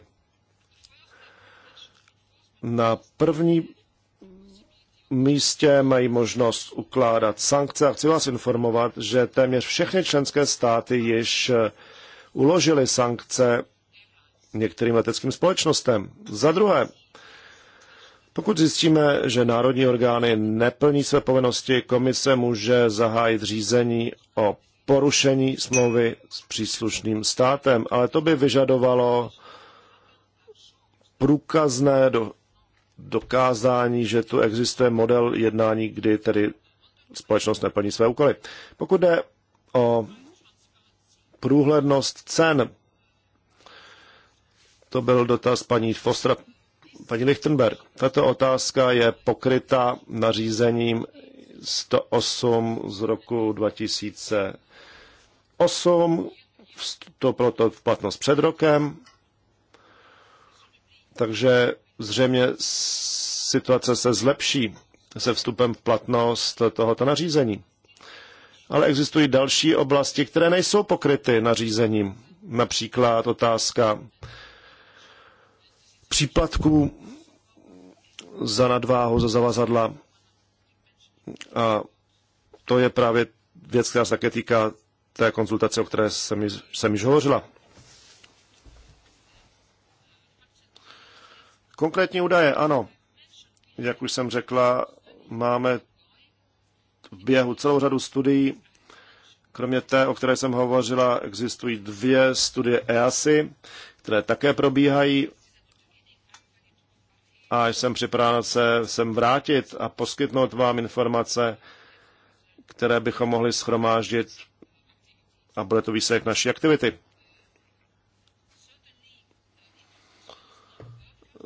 Na první místě mají možnost ukládat sankce a chci vás informovat, že téměř všechny členské státy již uložily sankce některým leteckým společnostem. Za druhé, pokud zjistíme, že národní orgány neplní své povinnosti, komise může zahájit řízení o porušení smlouvy s příslušným státem, ale to by vyžadovalo průkazné do, dokázání, že tu existuje model jednání, kdy tedy společnost neplní své úkoly. Pokud jde o průhlednost cen, to byl dotaz paní Fostra paní Lichtenberg, tato otázka je pokryta nařízením 108 z roku 2008, to proto v platnost před rokem, takže zřejmě situace se zlepší se vstupem v platnost tohoto nařízení. Ale existují další oblasti, které nejsou pokryty nařízením. Například otázka příplatků za nadváhu, za zavazadla. A to je právě věc, která se také týká té konzultace, o které jsem, jsem již hovořila. Konkrétní údaje, ano. Jak už jsem řekla, máme v běhu celou řadu studií. Kromě té, o které jsem hovořila, existují dvě studie EASI, které také probíhají a jsem připraven se sem vrátit a poskytnout vám informace, které bychom mohli schromáždit a bude to výsledek naší aktivity.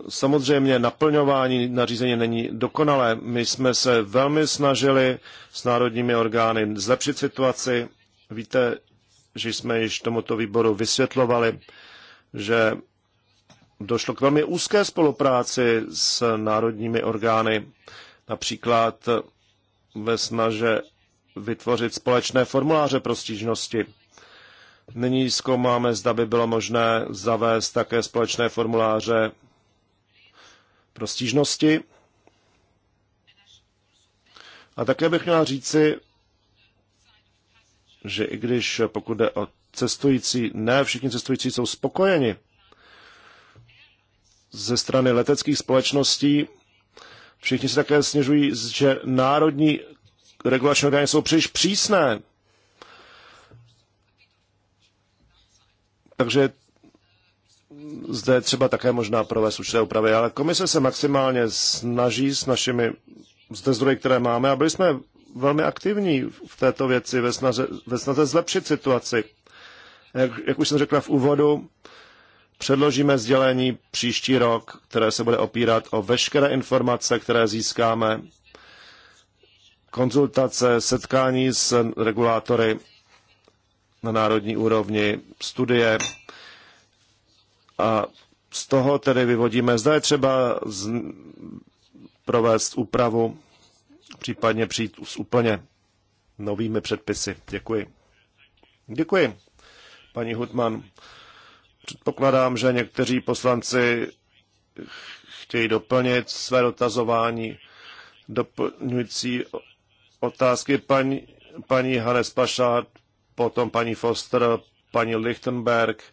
Samozřejmě naplňování nařízení není dokonalé. My jsme se velmi snažili s národními orgány zlepšit situaci. Víte, že jsme již tomuto výboru vysvětlovali, že došlo k velmi úzké spolupráci s národními orgány, například ve snaže vytvořit společné formuláře pro stížnosti. Nyní zkoumáme, zda by bylo možné zavést také společné formuláře pro stížnosti. A také bych měla říci, že i když pokud jde o cestující, ne všichni cestující jsou spokojeni ze strany leteckých společností. Všichni si také snižují, že národní regulační orgány jsou příliš přísné. Takže zde je třeba také možná provést určité úpravy, ale komise se maximálně snaží s našimi zde zdroji, které máme a byli jsme velmi aktivní v této věci ve snaze, ve snaze zlepšit situaci. Jak, jak už jsem řekla v úvodu, Předložíme sdělení příští rok, které se bude opírat o veškeré informace, které získáme, konzultace, setkání s regulátory na národní úrovni, studie a z toho tedy vyvodíme, zda je třeba z, provést úpravu, případně přijít s úplně novými předpisy. Děkuji. Děkuji, paní Hutman. Předpokládám, že někteří poslanci chtějí doplnit své dotazování, doplňující otázky paní, paní Hannes Pašát, potom paní Foster, paní Lichtenberg.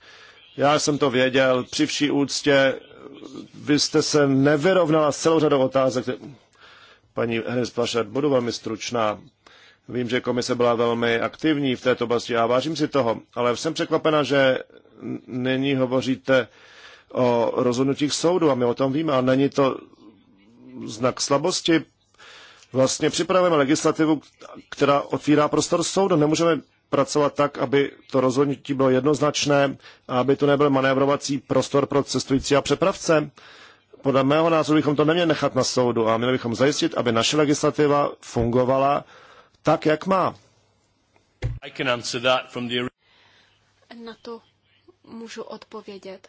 Já jsem to věděl, při vší úctě, vy jste se nevyrovnala s celou řadou otázek. Paní Hannes Pašát, budu velmi stručná. Vím, že komise byla velmi aktivní v této oblasti a vážím si toho, ale jsem překvapena, že Není hovoříte o rozhodnutích soudu a my o tom víme, a není to znak slabosti. Vlastně připravujeme legislativu, která otvírá prostor soudu. Nemůžeme pracovat tak, aby to rozhodnutí bylo jednoznačné a aby to nebyl manévrovací prostor pro cestující a přepravce. Podle mého názoru bychom to neměli nechat na soudu a měli bychom zajistit, aby naše legislativa fungovala tak, jak má. I can answer that from the... Na to můžu odpovědět.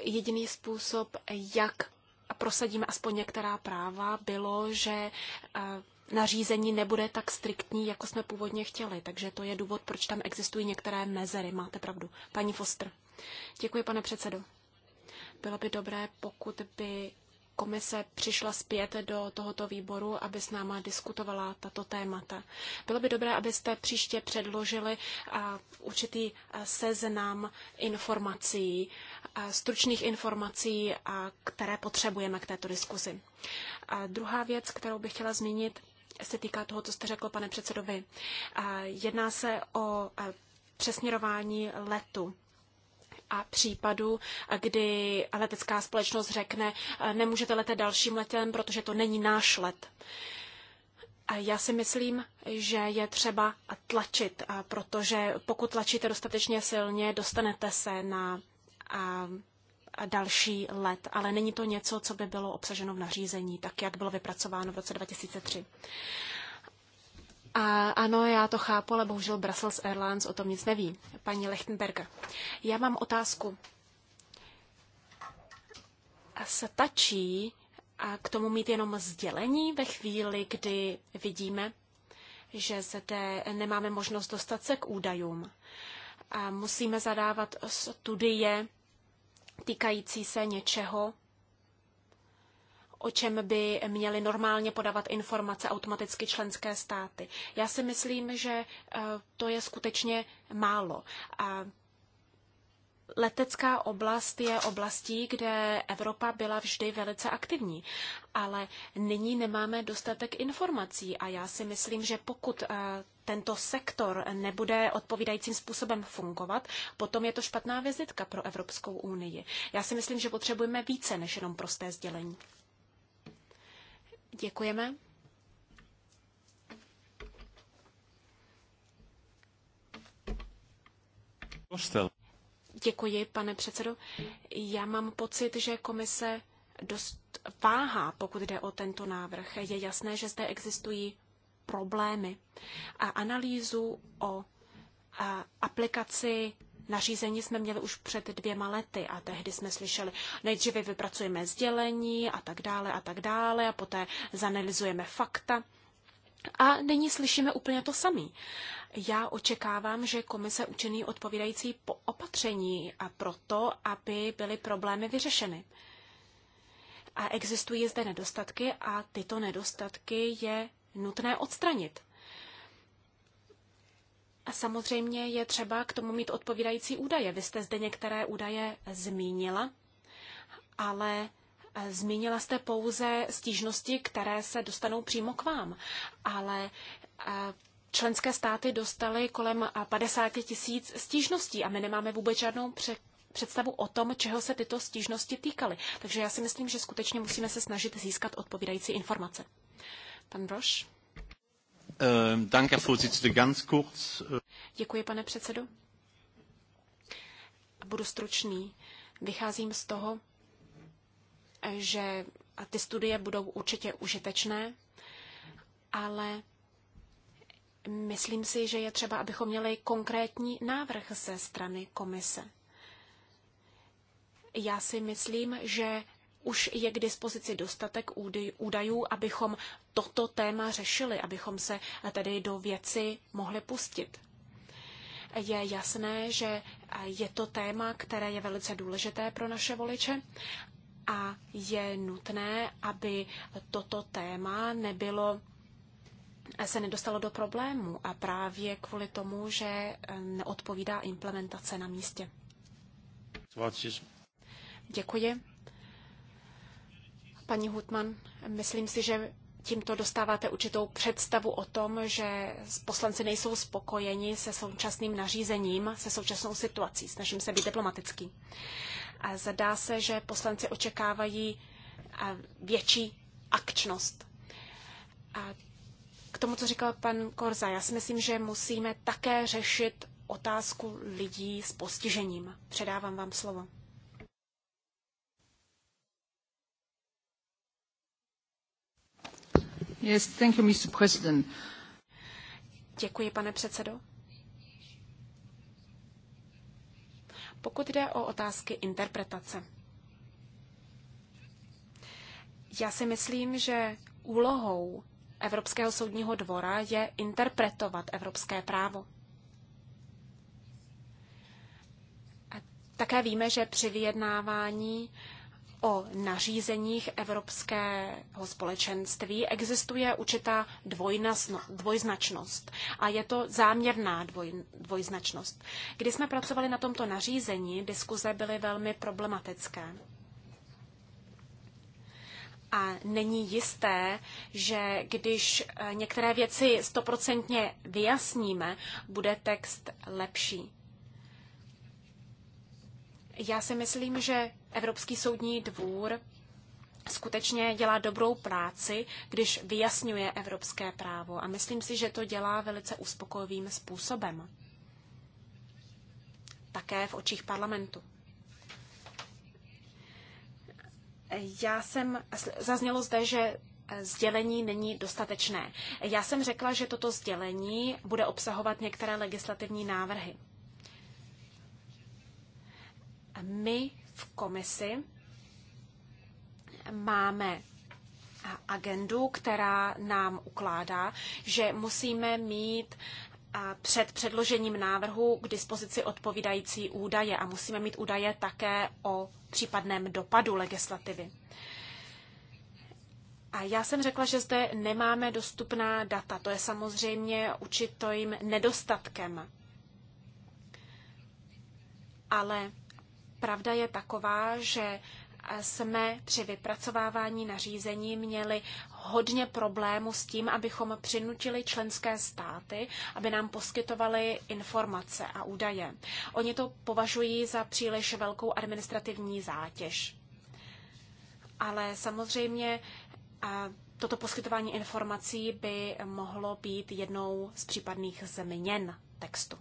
Jediný způsob, jak prosadíme aspoň některá práva, bylo, že eh, nařízení nebude tak striktní, jako jsme původně chtěli. Takže to je důvod, proč tam existují některé mezery. Máte pravdu. Paní Foster. Děkuji, pane předsedo. Bylo by dobré, pokud by komise přišla zpět do tohoto výboru, aby s náma diskutovala tato témata. Bylo by dobré, abyste příště předložili určitý seznam informací, stručných informací, které potřebujeme k této diskuzi. A druhá věc, kterou bych chtěla zmínit, se týká toho, co jste řekl, pane předsedovi. Jedná se o přesměrování letu a případů, kdy letecká společnost řekne, eh, nemůžete letět dalším letem, protože to není náš let. Já si myslím, že je třeba tlačit, eh, protože pokud tlačíte dostatečně silně, dostanete se na eh, další let, ale není to něco, co by bylo obsaženo v nařízení, tak jak bylo vypracováno v roce 2003. A ano, já to chápu, ale bohužel Brussels Airlines o tom nic neví. Paní Lechtenberger, já mám otázku. A tačí a k tomu mít jenom sdělení ve chvíli, kdy vidíme, že zde nemáme možnost dostat se k údajům. A musíme zadávat studie týkající se něčeho, o čem by měly normálně podávat informace automaticky členské státy. Já si myslím, že eh, to je skutečně málo. A letecká oblast je oblastí, kde Evropa byla vždy velice aktivní, ale nyní nemáme dostatek informací a já si myslím, že pokud eh, tento sektor nebude odpovídajícím způsobem fungovat, potom je to špatná vizitka pro Evropskou unii. Já si myslím, že potřebujeme více než jenom prosté sdělení. Děkujeme. Kostel. Děkuji, pane předsedo. Já mám pocit, že komise dost váhá, pokud jde o tento návrh. Je jasné, že zde existují problémy. A analýzu o a aplikaci nařízení jsme měli už před dvěma lety a tehdy jsme slyšeli, nejdříve vypracujeme sdělení a tak dále a tak dále a poté zanalizujeme fakta. A nyní slyšíme úplně to samé. Já očekávám, že komise učiní odpovídající po opatření a proto, aby byly problémy vyřešeny. A existují zde nedostatky a tyto nedostatky je nutné odstranit. A samozřejmě je třeba k tomu mít odpovídající údaje. Vy jste zde některé údaje zmínila, ale e, zmínila jste pouze stížnosti, které se dostanou přímo k vám. Ale e, členské státy dostaly kolem 50 tisíc stížností a my nemáme vůbec žádnou představu o tom, čeho se tyto stížnosti týkaly. Takže já si myslím, že skutečně musíme se snažit získat odpovídající informace. Pan Broš? Ehm, äh, Děkuji, pane předsedo. Budu stručný. Vycházím z toho, že ty studie budou určitě užitečné, ale myslím si, že je třeba, abychom měli konkrétní návrh ze strany komise. Já si myslím, že už je k dispozici dostatek údajů, abychom toto téma řešili, abychom se tedy do věci mohli pustit. Je jasné, že je to téma, které je velice důležité pro naše voliče a je nutné, aby toto téma nebylo se nedostalo do problému a právě kvůli tomu, že neodpovídá implementace na místě. Děkuji. Paní Hutman, myslím si, že tímto dostáváte určitou představu o tom, že poslanci nejsou spokojeni se současným nařízením, se současnou situací. Snažím se být diplomatický. A zdá se, že poslanci očekávají větší akčnost. A k tomu, co říkal pan Korza, já si myslím, že musíme také řešit otázku lidí s postižením. Předávám vám slovo. Děkuji, pane předsedající Pokud jde o otázky interpretace, já si myslím, že úlohou Evropského soudního dvora je interpretovat evropské právo. také víme, že při vyjednávání o nařízeních Evropského společenství existuje určitá dvojnasno, dvojznačnost a je to záměrná dvoj, dvojznačnost. Když jsme pracovali na tomto nařízení, diskuze byly velmi problematické. A není jisté, že když eh, některé věci stoprocentně vyjasníme, bude text lepší. Já si myslím, že Evropský soudní dvůr skutečně dělá dobrou práci, když vyjasňuje evropské právo a myslím si, že to dělá velice uspokojivým způsobem. Také v očích parlamentu. Já jsem, zaznělo zde, že sdělení není dostatečné. Já jsem řekla, že toto sdělení bude obsahovat některé legislativní návrhy. My v komisi máme agendu, která nám ukládá, že musíme mít před předložením návrhu k dispozici odpovídající údaje a musíme mít údaje také o případném dopadu legislativy. A já jsem řekla, že zde nemáme dostupná data. To je samozřejmě určitým nedostatkem. Ale Pravda je taková, že jsme při vypracovávání nařízení měli hodně problémů s tím, abychom přinutili členské státy, aby nám poskytovali informace a údaje. Oni to považují za příliš velkou administrativní zátěž. Ale samozřejmě toto poskytování informací by mohlo být jednou z případných změn textu.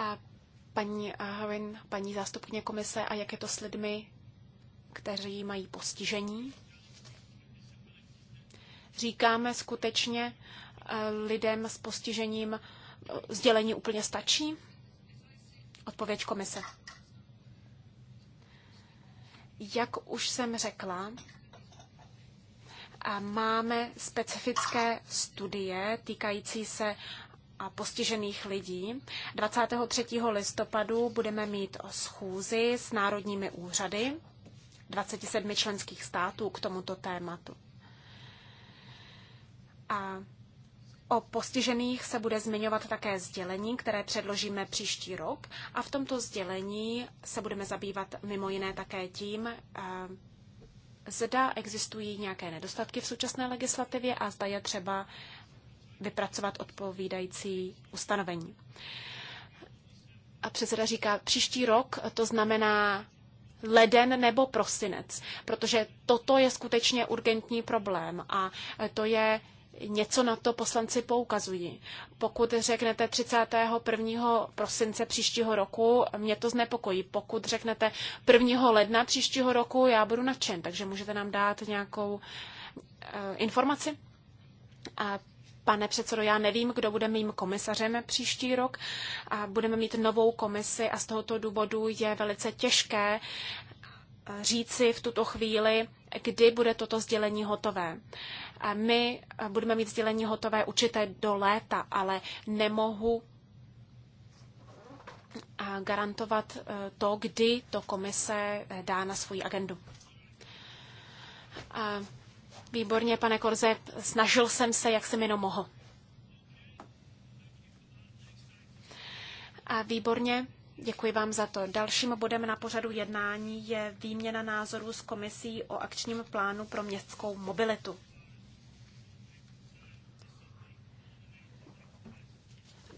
a paní Harin, paní zástupkyně komise, a jak je to s lidmi, kteří mají postižení? Říkáme skutečně eh, lidem s postižením, eh, sdělení úplně stačí? Odpověď komise. Jak už jsem řekla, máme specifické studie týkající se a postižených lidí. 23. listopadu budeme mít schůzi s národními úřady 27 členských států k tomuto tématu. A o postižených se bude zmiňovat také sdělení, které předložíme příští rok. A v tomto sdělení se budeme zabývat mimo jiné také tím, eh, zda existují nějaké nedostatky v současné legislativě a zda je třeba vypracovat odpovídající ustanovení. A předseda říká, příští rok to znamená leden nebo prosinec, protože toto je skutečně urgentní problém a to je něco na to poslanci poukazují. Pokud řeknete 31. prosince příštího roku, mě to znepokojí. Pokud řeknete 1. ledna příštího roku, já budu nadšen, takže můžete nám dát nějakou uh, informaci. A Pane předsedo, já nevím, kdo bude mým komisařem příští rok. A budeme mít novou komisi a z tohoto důvodu je velice těžké eh, říci v tuto chvíli, kdy bude toto sdělení hotové. A my eh, budeme mít sdělení hotové určité do léta, ale nemohu eh, garantovat to, kdy to komise dá na svoji agendu. A Výborně, pane Korze, snažil jsem se, jak jsem jenom mohl. A výborně, děkuji vám za to. Dalším bodem na pořadu jednání je výměna názorů s komisí o akčním plánu pro městskou mobilitu.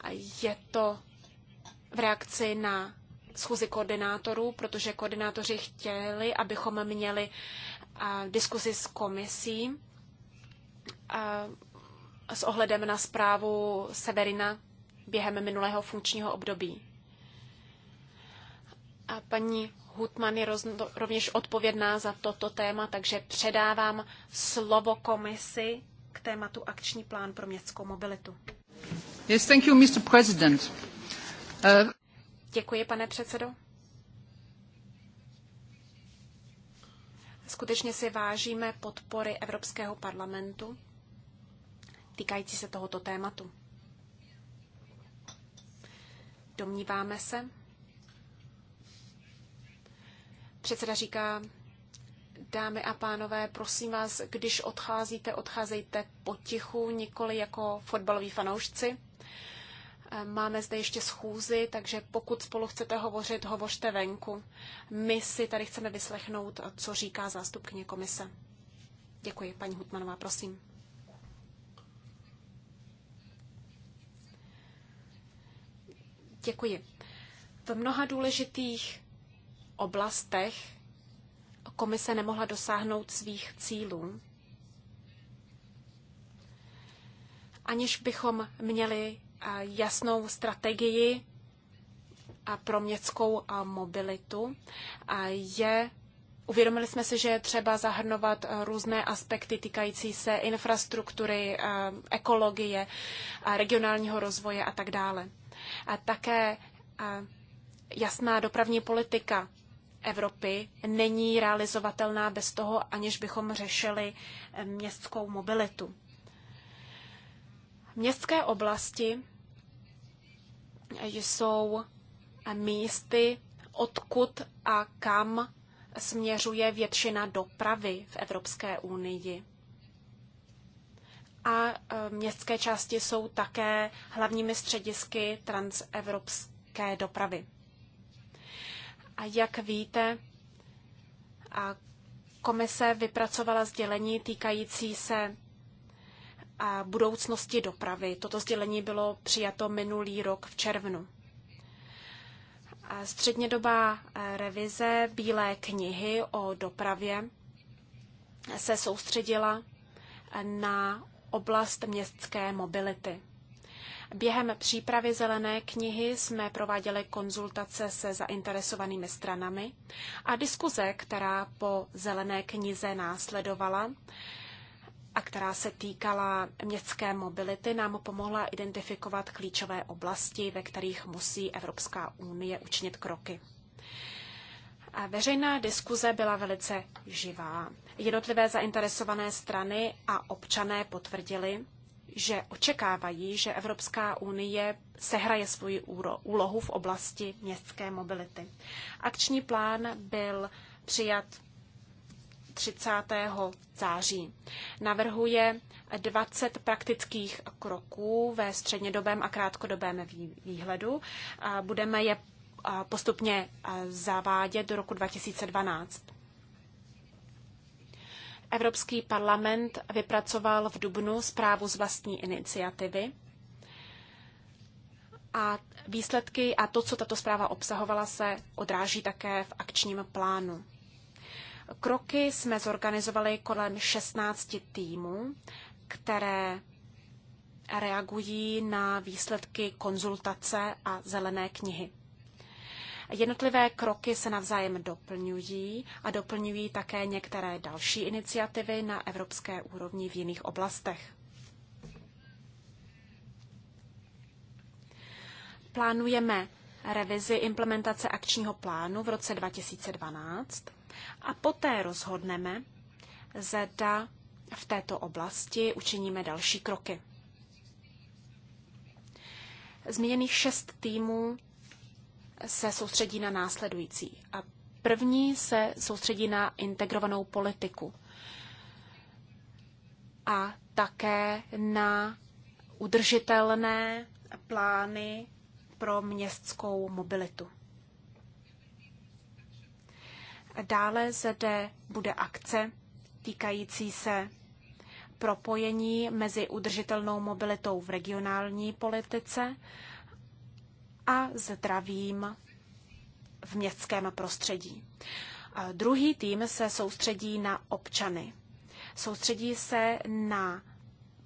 A je to v reakci na schůzi koordinátorů, protože koordinátoři chtěli, abychom měli diskusi s komisí s ohledem na zprávu Severina během minulého funkčního období. A paní Hutman je rovněž odpovědná za toto téma, takže předávám slovo komisi k tématu akční plán pro městskou mobilitu. Yes, thank you, Mr. President. Uh... Děkuji, pane předsedo. Skutečně si vážíme podpory Evropského parlamentu týkající se tohoto tématu. Domníváme se. Předseda říká, dámy a pánové, prosím vás, když odcházíte, odcházejte potichu, nikoli jako fotbaloví fanoušci. Máme zde ještě schůzi, takže pokud spolu chcete hovořit, hovořte venku. My si tady chceme vyslechnout, co říká zástupkyně komise. Děkuji, paní Hutmanová, prosím. Děkuji. V mnoha důležitých oblastech komise nemohla dosáhnout svých cílů, aniž bychom měli jasnou strategii pro městskou mobilitu. Je Uvědomili jsme si, že je třeba zahrnovat eh, různé aspekty týkající se infrastruktury, eh, ekologie, regionálního rozvoje a tak dále. A také eh, jasná dopravní politika Evropy není realizovatelná bez toho, aniž bychom řešili městskou mobilitu. Městské oblasti jsou místy, odkud a kam směřuje většina dopravy v Evropské unii. A e, městské části jsou také hlavními středisky transevropské dopravy. A jak víte, a komise vypracovala sdělení týkající se a budoucnosti dopravy. Toto sdělení bylo přijato minulý rok v červnu. Střednědobá eh, revize Bílé knihy o dopravě se soustředila eh, na oblast městské mobility. Během přípravy zelené knihy jsme prováděli konzultace se zainteresovanými stranami a diskuze, která po zelené knize následovala, a která se týkala městské mobility, nám pomohla identifikovat klíčové oblasti, ve kterých musí Evropská unie učinit kroky. A veřejná diskuze byla velice živá. Jednotlivé zainteresované strany a občané potvrdili, že očekávají, že Evropská unie sehraje svoji úlohu v oblasti městské mobility. Akční plán byl přijat 30. září. Navrhuje 20 praktických kroků ve střednědobém a krátkodobém výhledu. Budeme je postupně zavádět do roku 2012. Evropský parlament vypracoval v Dubnu zprávu z vlastní iniciativy a výsledky a to, co tato zpráva obsahovala, se odráží také v akčním plánu. Kroky jsme zorganizovali kolem 16 týmů, které reagují na výsledky konzultace a zelené knihy. Jednotlivé kroky se navzájem doplňují a doplňují také některé další iniciativy na evropské úrovni v jiných oblastech. Plánujeme revizi implementace akčního plánu v roce 2012 a poté rozhodneme, zda v této oblasti učiníme další kroky. Zmíněných šest týmů se soustředí na následující. A první se soustředí na integrovanou politiku a také na udržitelné plány pro městskou mobilitu. Dále zde bude akce týkající se propojení mezi udržitelnou mobilitou v regionální politice a zdravím v městském prostředí. druhý tým se soustředí na občany. Soustředí se na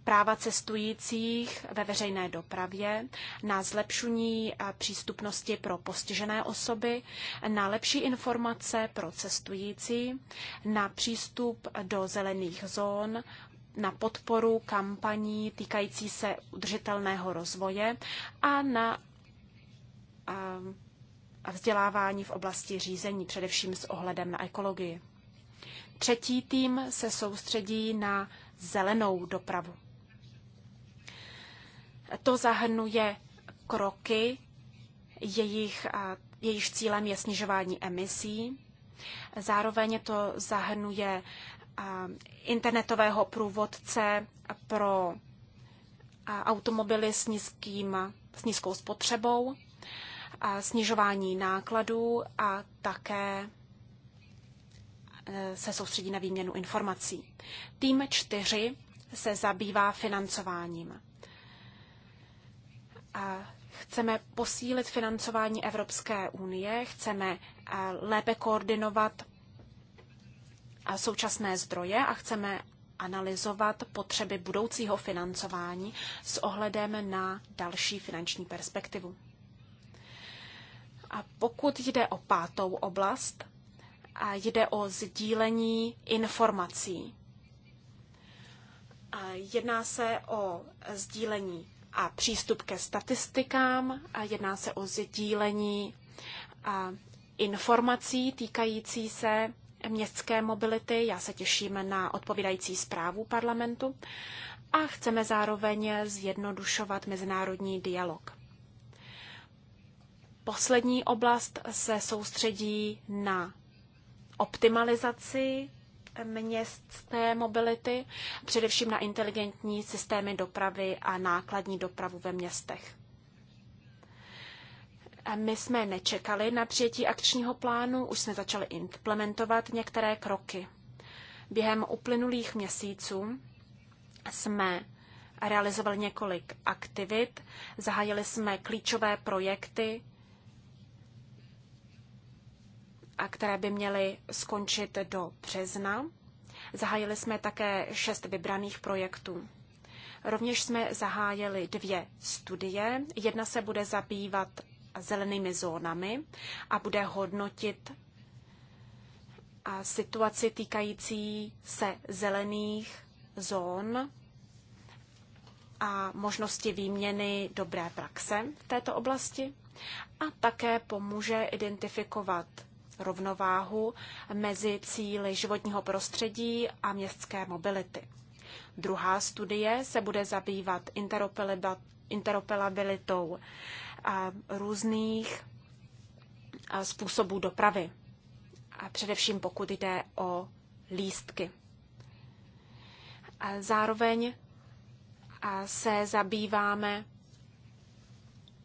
práva cestujících ve veřejné dopravě, na zlepšení eh, přístupnosti pro postižené osoby, na lepší informace pro cestující, na přístup do zelených zón, na podporu kampaní týkající se udržitelného rozvoje a na a eh, vzdělávání v oblasti řízení, především s ohledem na ekologii. Třetí tým se soustředí na zelenou dopravu. To zahrnuje kroky, jejich, jejich cílem je snižování emisí. Zároveň to zahrnuje internetového průvodce pro automobily s, nízkým, s nízkou spotřebou, a snižování nákladů a také e, se soustředí na výměnu informací. Tým čtyři se zabývá financováním chceme posílit financování Evropské unie, chceme eh, lépe koordinovat eh, současné zdroje a chceme analyzovat potřeby budoucího financování s ohledem na další finanční perspektivu. A pokud jde o pátou oblast, a jde o sdílení informací. A jedná se o sdílení a přístup ke statistikám. A jedná se o sdílení a informací týkající se městské mobility. Já se těším na odpovídající zprávu parlamentu a chceme zároveň zjednodušovat mezinárodní dialog. Poslední oblast se soustředí na optimalizaci městské mobility, především na inteligentní systémy dopravy a nákladní dopravu ve městech. my jsme nečekali na přijetí akčního plánu, už jsme začali implementovat některé kroky. Během uplynulých měsíců jsme realizovali několik aktivit, zahájili jsme klíčové projekty, a které by měly skončit do března. Zahájili jsme také šest vybraných projektů. Rovněž jsme zahájili dvě studie. Jedna se bude zabývat zelenými zónami a bude hodnotit situaci týkající se zelených zón a možnosti výměny dobré praxe v této oblasti a také pomůže identifikovat rovnováhu mezi cíly životního prostředí a městské mobility. Druhá studie se bude zabývat interoperabilitou eh, různých eh, způsobů dopravy, a především pokud jde o lístky. A zároveň eh, se zabýváme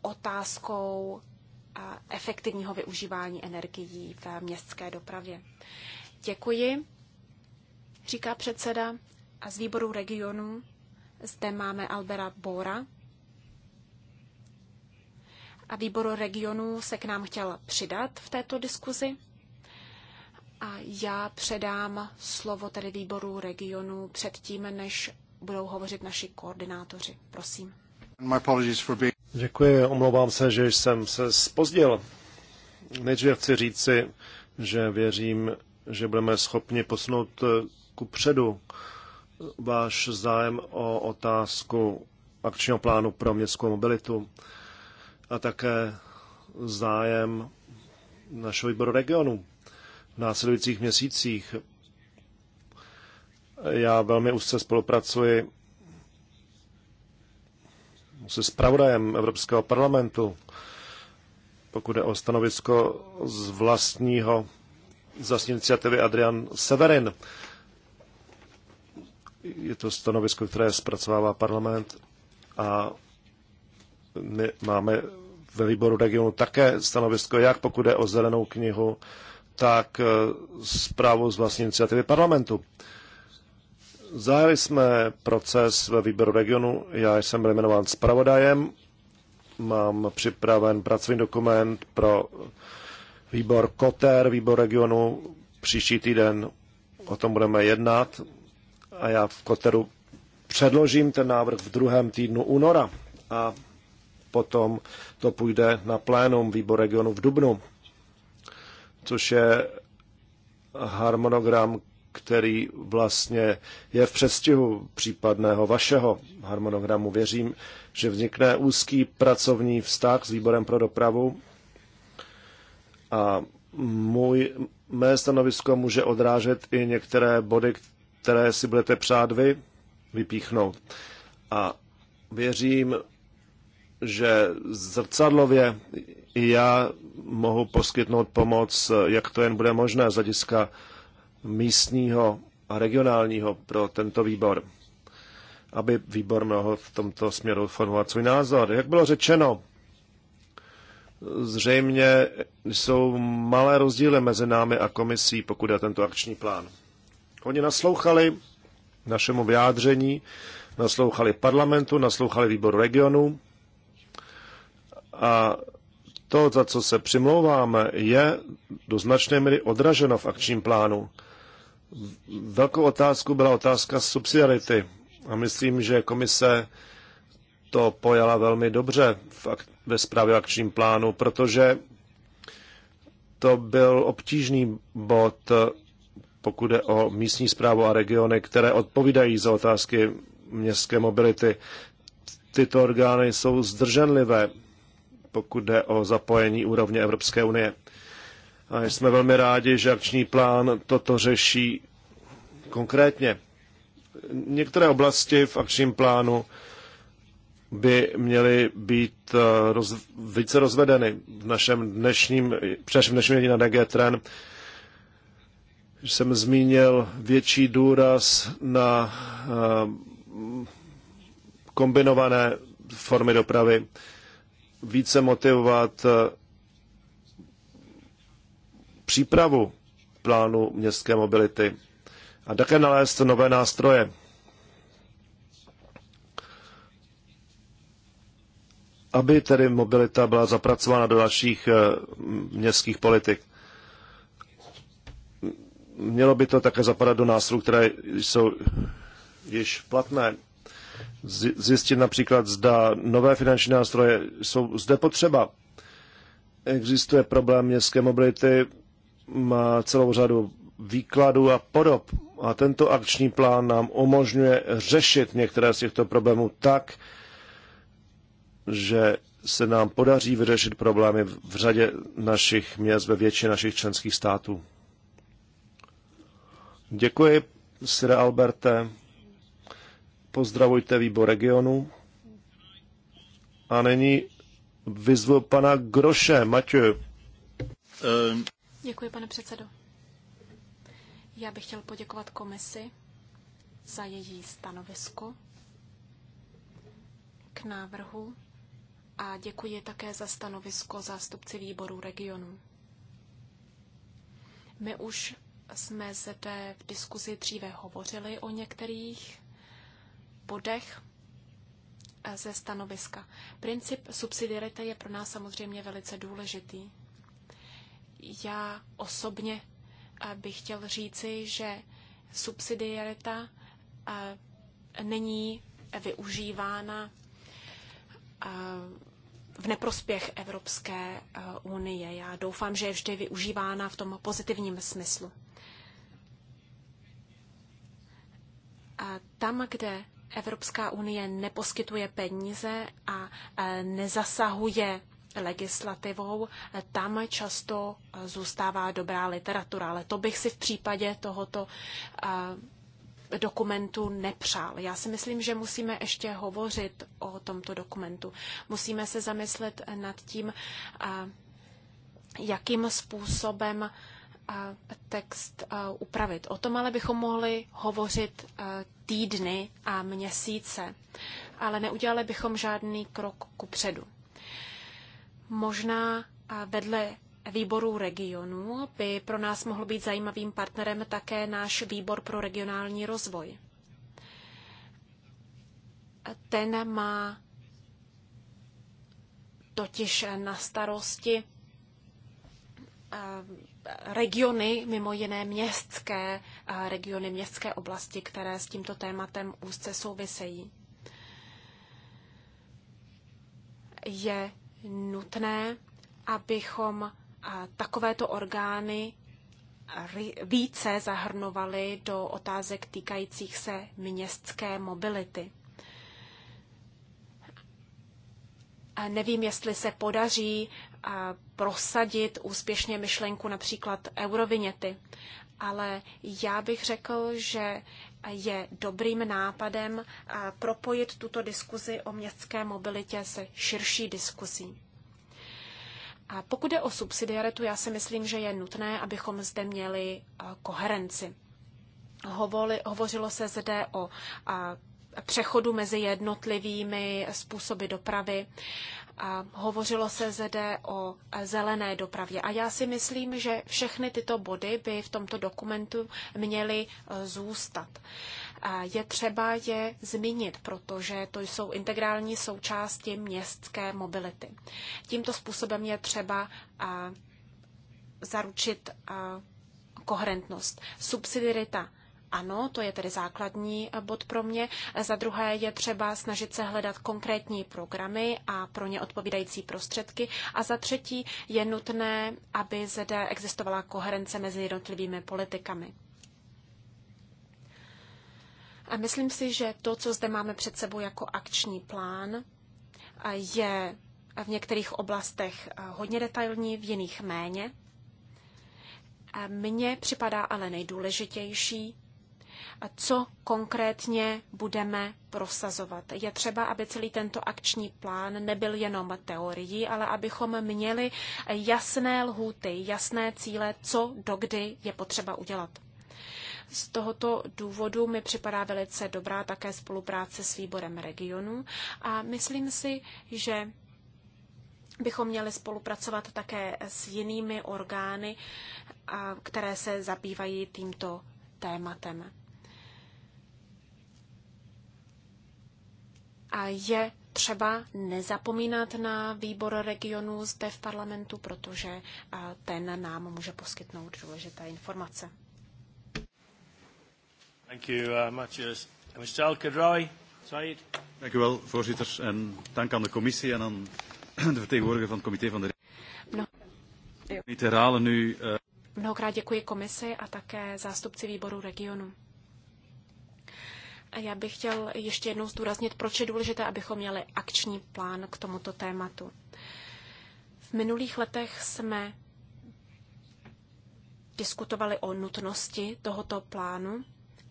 otázkou efektivního využívání energií v městské dopravě. Děkuji, říká předseda a z výboru regionu. Zde máme Albera Bora. A výboru regionu se k nám chtěl přidat v této diskuzi. A já předám slovo tedy výboru regionu předtím, než budou hovořit naši koordinátoři. Prosím. Děkuji, omlouvám se, že jsem se spozdil. Nejdříve chci říci, že věřím, že budeme schopni posunout eh, ku předu váš zájem o otázku akčního plánu pro městskou mobilitu a také zájem našeho výboru regionu v následujících měsících. Já velmi úzce spolupracuji se zpravodajem Evropského parlamentu, pokud je o stanovisko z vlastního, z vlastní iniciativy Adrian Severin. Je to stanovisko, které zpracovává parlament a my máme ve výboru regionu také stanovisko, jak pokud je o zelenou knihu, tak eh, zprávu z vlastní iniciativy parlamentu. Zahájili jsme proces ve výběru regionu. Já jsem byl jmenován zpravodajem. Mám připraven pracovní dokument pro výbor Koter, výbor regionu. Příští týden o tom budeme jednat a já v Koteru předložím ten návrh v druhém týdnu února a potom to půjde na plénum výbor regionu v Dubnu, což je harmonogram, který vlastně je v předstihu případného vašeho harmonogramu. Věřím, že vznikne úzký pracovní vztah s výborem pro dopravu a můj, mé stanovisko může odrážet i některé body, které si budete přát vy vypíchnout. A věřím, že zrcadlově i já mohu poskytnout pomoc, jak to jen bude možné z hlediska místního a regionálního pro tento výbor, aby výbor mohl v tomto směru formovat svůj názor. Jak bylo řečeno, zřejmě jsou malé rozdíly mezi námi a komisí, pokud je tento akční plán. Oni naslouchali našemu vyjádření, naslouchali parlamentu, naslouchali výboru regionu a to, za co se přimlouváme, je do značné míry odraženo v akčním plánu. Velkou otázkou byla otázka subsidiarity. A myslím, že komise to pojala velmi dobře v ak- ve zprávě akčním plánu, protože to byl obtížný bod, pokud jde o místní zprávu a regiony, které odpovídají za otázky městské mobility. Tyto orgány jsou zdrženlivé, pokud jde o zapojení úrovně Evropské unie. A jsme velmi rádi, že akční plán toto řeší konkrétně. Některé oblasti v akčním plánu by měly být eh, roz, více rozvedeny. V našem dnešním, především dnešním na DG Tren jsem zmínil větší důraz na eh, kombinované formy dopravy, více motivovat eh, přípravu plánu městské mobility a také nalézt nové nástroje. aby tedy mobilita byla zapracována do dalších eh, městských politik. Mělo by to také zapadat do nástrojů, které jsou již platné. Zjistit například, zda nové finanční nástroje jsou zde potřeba. Existuje problém městské mobility, má celou řadu výkladů a podob. A tento akční plán nám umožňuje řešit některé z těchto problémů tak, že se nám podaří vyřešit problémy v řadě našich měst ve většině našich členských států. Děkuji, Sire Alberte. Pozdravujte výbor regionu. A nyní vyzvu pana Groše, Matěj. Um. Děkuji, pane předsedo. Já bych chtěl poděkovat komisi za její stanovisko k návrhu a děkuji také za stanovisko zástupci výboru regionu. My už jsme zde v diskuzi dříve hovořili o některých bodech ze stanoviska. Princip subsidiarity je pro nás samozřejmě velice důležitý. Já osobně eh, bych chtěl říci, že subsidiarita eh, není využívána eh, v neprospěch Evropské unie. Já doufám, že je vždy využívána v tom pozitivním smyslu. A tam, kde Evropská unie neposkytuje peníze a nezasahuje legislativou, tam často zůstává dobrá literatura, ale to bych si v případě tohoto dokumentu nepřál. Já si myslím, že musíme ještě hovořit o tomto dokumentu. Musíme se zamyslet nad tím, jakým způsobem text upravit. O tom ale bychom mohli hovořit týdny a měsíce, ale neudělali bychom žádný krok ku předu. Možná vedle výboru regionů by pro nás mohl být zajímavým partnerem také náš výbor pro regionální rozvoj. Ten má totiž na starosti eh, regiony, mimo jiné městské eh, regiony, městské oblasti, které s tímto tématem úzce souvisejí. Je nutné, abychom takovéto orgány více zahrnovali do otázek týkajících se městské mobility. A nevím, jestli se podaří prosadit úspěšně myšlenku například eurovinety, ale já bych řekl, že je dobrým nápadem propojit tuto diskuzi o městské mobilitě se širší diskuzí. A pokud je o subsidiaritu, já si myslím, že je nutné, abychom zde měli koherenci. hovořilo se zde o přechodu mezi jednotlivými způsoby dopravy hovořilo se zde o zelené dopravě. A já si myslím, že všechny tyto body by v tomto dokumentu měly e, zůstat. A je třeba je zmínit, protože to jsou integrální součásti městské mobility. Tímto způsobem je třeba zaručit koherentnost. Subsidiarita ano, to je tedy základní eh, bod pro mě. Eh, za druhé je třeba snažit se hledat konkrétní programy a pro ně odpovídající prostředky. A za třetí je nutné, aby zde existovala koherence mezi jednotlivými politikami. A myslím si, že to, co zde máme před sebou jako akční plán, eh, je v některých oblastech hodně detailní, v jiných méně. Mně připadá ale nejdůležitější co konkrétně budeme prosazovat. Je třeba, aby celý tento akční plán nebyl jenom teorií, ale abychom měli jasné lhůty, jasné cíle, co dokdy je potřeba udělat. Z tohoto důvodu mi připadá velice dobrá také spolupráce s výborem regionu a myslím si, že bychom měli spolupracovat také s jinými orgány, které se zabývají tímto tématem. A je třeba nezapomínat na výbor regionů zde v parlamentu, protože ten nám může poskytnout důležité informace. Thank you, uh, Matthias. Uh, Mr. Al-Kadrawi, Said. Dank u wel, voorzitter. En dank aan de commissie en aan de vertegenwoordiger van het comité van de... No. Niet herhalen nu... Uh... Mnohokrát děkuji komisi a také zástupci výboru regionu. Já bych chtěl ještě jednou zdůraznit, proč je důležité, abychom měli akční plán k tomuto tématu. V minulých letech jsme diskutovali o nutnosti tohoto plánu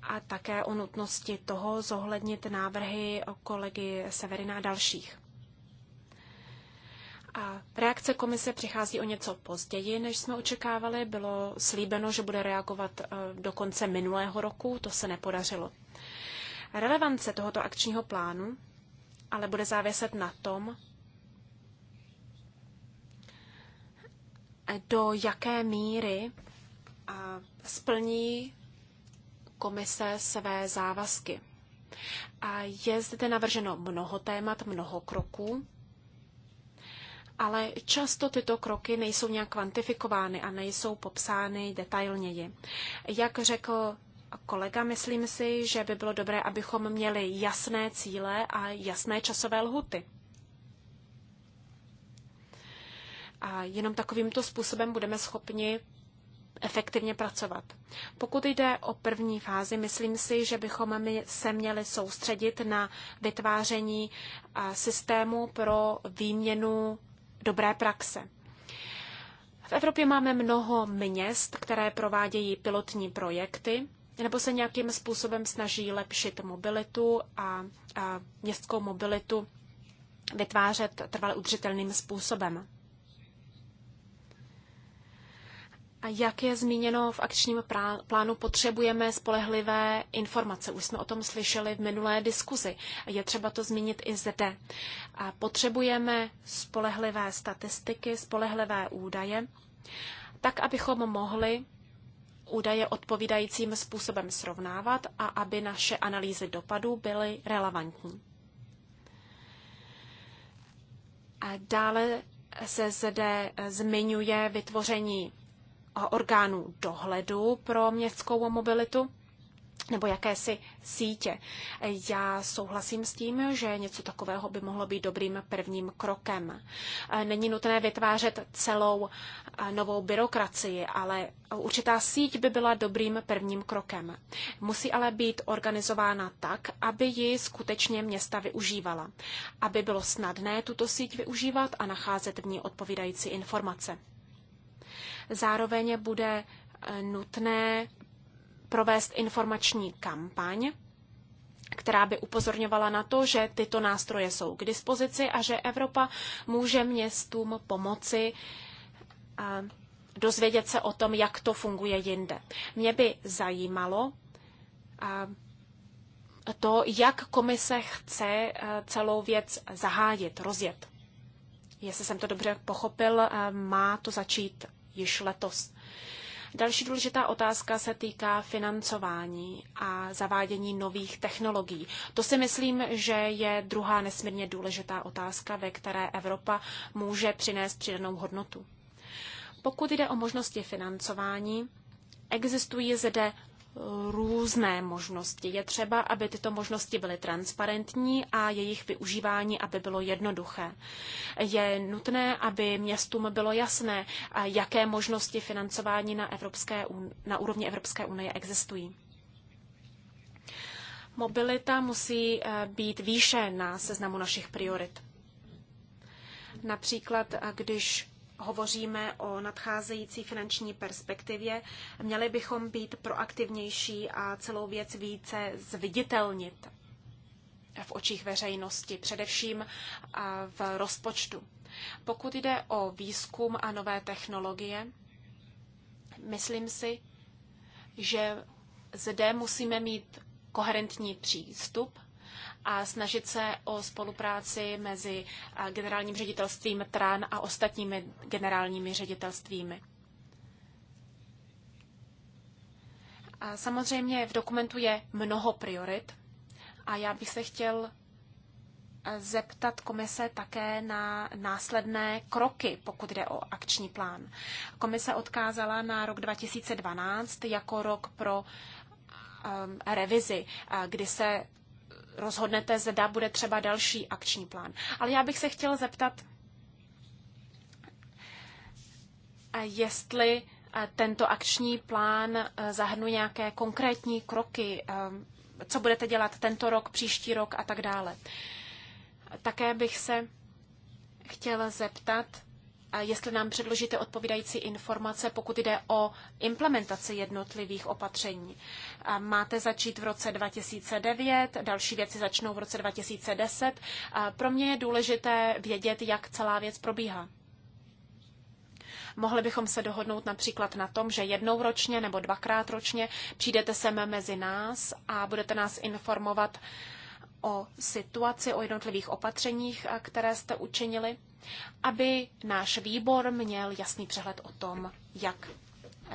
a také o nutnosti toho zohlednit návrhy o kolegy Severina a dalších. A reakce komise přichází o něco později, než jsme očekávali. Bylo slíbeno, že bude reagovat eh, do konce minulého roku, to se nepodařilo. Relevance tohoto akčního plánu ale bude záviset na tom, do jaké míry splní komise své závazky. A je zde navrženo mnoho témat, mnoho kroků, ale často tyto kroky nejsou nějak kvantifikovány a nejsou popsány detailněji. Jak řekl kolega, myslím si, že by bylo dobré, abychom měli jasné cíle a jasné časové lhuty. A jenom takovýmto způsobem budeme schopni efektivně pracovat. Pokud jde o první fázi, myslím si, že bychom se měli soustředit na vytváření systému pro výměnu dobré praxe. V Evropě máme mnoho měst, které provádějí pilotní projekty nebo se nějakým způsobem snaží lepšit mobilitu a, a městskou mobilitu vytvářet trvale udržitelným způsobem. A jak je zmíněno v akčním plánu, potřebujeme spolehlivé informace. Už jsme o tom slyšeli v minulé diskuzi. Je třeba to zmínit i zde. A potřebujeme spolehlivé statistiky, spolehlivé údaje, tak abychom mohli údaje odpovídajícím způsobem srovnávat a aby naše analýzy dopadů byly relevantní. A dále se zde zmiňuje vytvoření orgánů dohledu pro městskou mobilitu nebo jakési sítě. Já souhlasím s tím, že něco takového by mohlo být dobrým prvním krokem. Není nutné vytvářet celou eh, novou byrokracii, ale určitá síť by byla dobrým prvním krokem. Musí ale být organizována tak, aby ji skutečně města využívala, aby bylo snadné tuto síť využívat a nacházet v ní odpovídající informace. Zároveň bude eh, nutné provést informační kampaň, která by upozorňovala na to, že tyto nástroje jsou k dispozici a že Evropa může městům pomoci dozvědět se o tom, jak to funguje jinde. Mě by zajímalo to, jak komise chce celou věc zahájit, rozjet. Jestli jsem to dobře pochopil, má to začít již letos. Další důležitá otázka se týká financování a zavádění nových technologií. To si myslím, že je druhá nesmírně důležitá otázka, ve které Evropa může přinést přidanou hodnotu. Pokud jde o možnosti financování, existují zde různé možnosti. Je třeba, aby tyto možnosti byly transparentní a jejich využívání, aby bylo jednoduché. Je nutné, aby městům bylo jasné, jaké možnosti financování na, Evropské, na úrovni Evropské unie existují. Mobilita musí eh, být výše na seznamu našich priorit. Například, eh, když hovoříme o nadcházející finanční perspektivě, měli bychom být proaktivnější a celou věc více zviditelnit v očích veřejnosti, především v rozpočtu. Pokud jde o výzkum a nové technologie, myslím si, že zde musíme mít koherentní přístup a snažit se o spolupráci mezi generálním ředitelstvím TRAN a ostatními generálními ředitelstvími. A samozřejmě v dokumentu je mnoho priorit a já bych se chtěl zeptat komise také na následné kroky, pokud jde o akční plán. Komise odkázala na rok 2012 jako rok pro um, revizi, kdy se rozhodnete, zda bude třeba další akční plán. Ale já bych se chtěl zeptat, jestli tento akční plán e, zahrnuje nějaké konkrétní kroky, e, co budete dělat tento rok, příští rok a tak dále. Také bych se chtěla zeptat, jestli nám předložíte odpovídající informace, pokud jde o implementaci jednotlivých opatření. Máte začít v roce 2009, další věci začnou v roce 2010. Pro mě je důležité vědět, jak celá věc probíhá. Mohli bychom se dohodnout například na tom, že jednou ročně nebo dvakrát ročně přijdete sem mezi nás a budete nás informovat uh, o situaci, o jednotlivých opatřeních, které jste učinili, aby náš výbor měl jasný přehled o tom, jak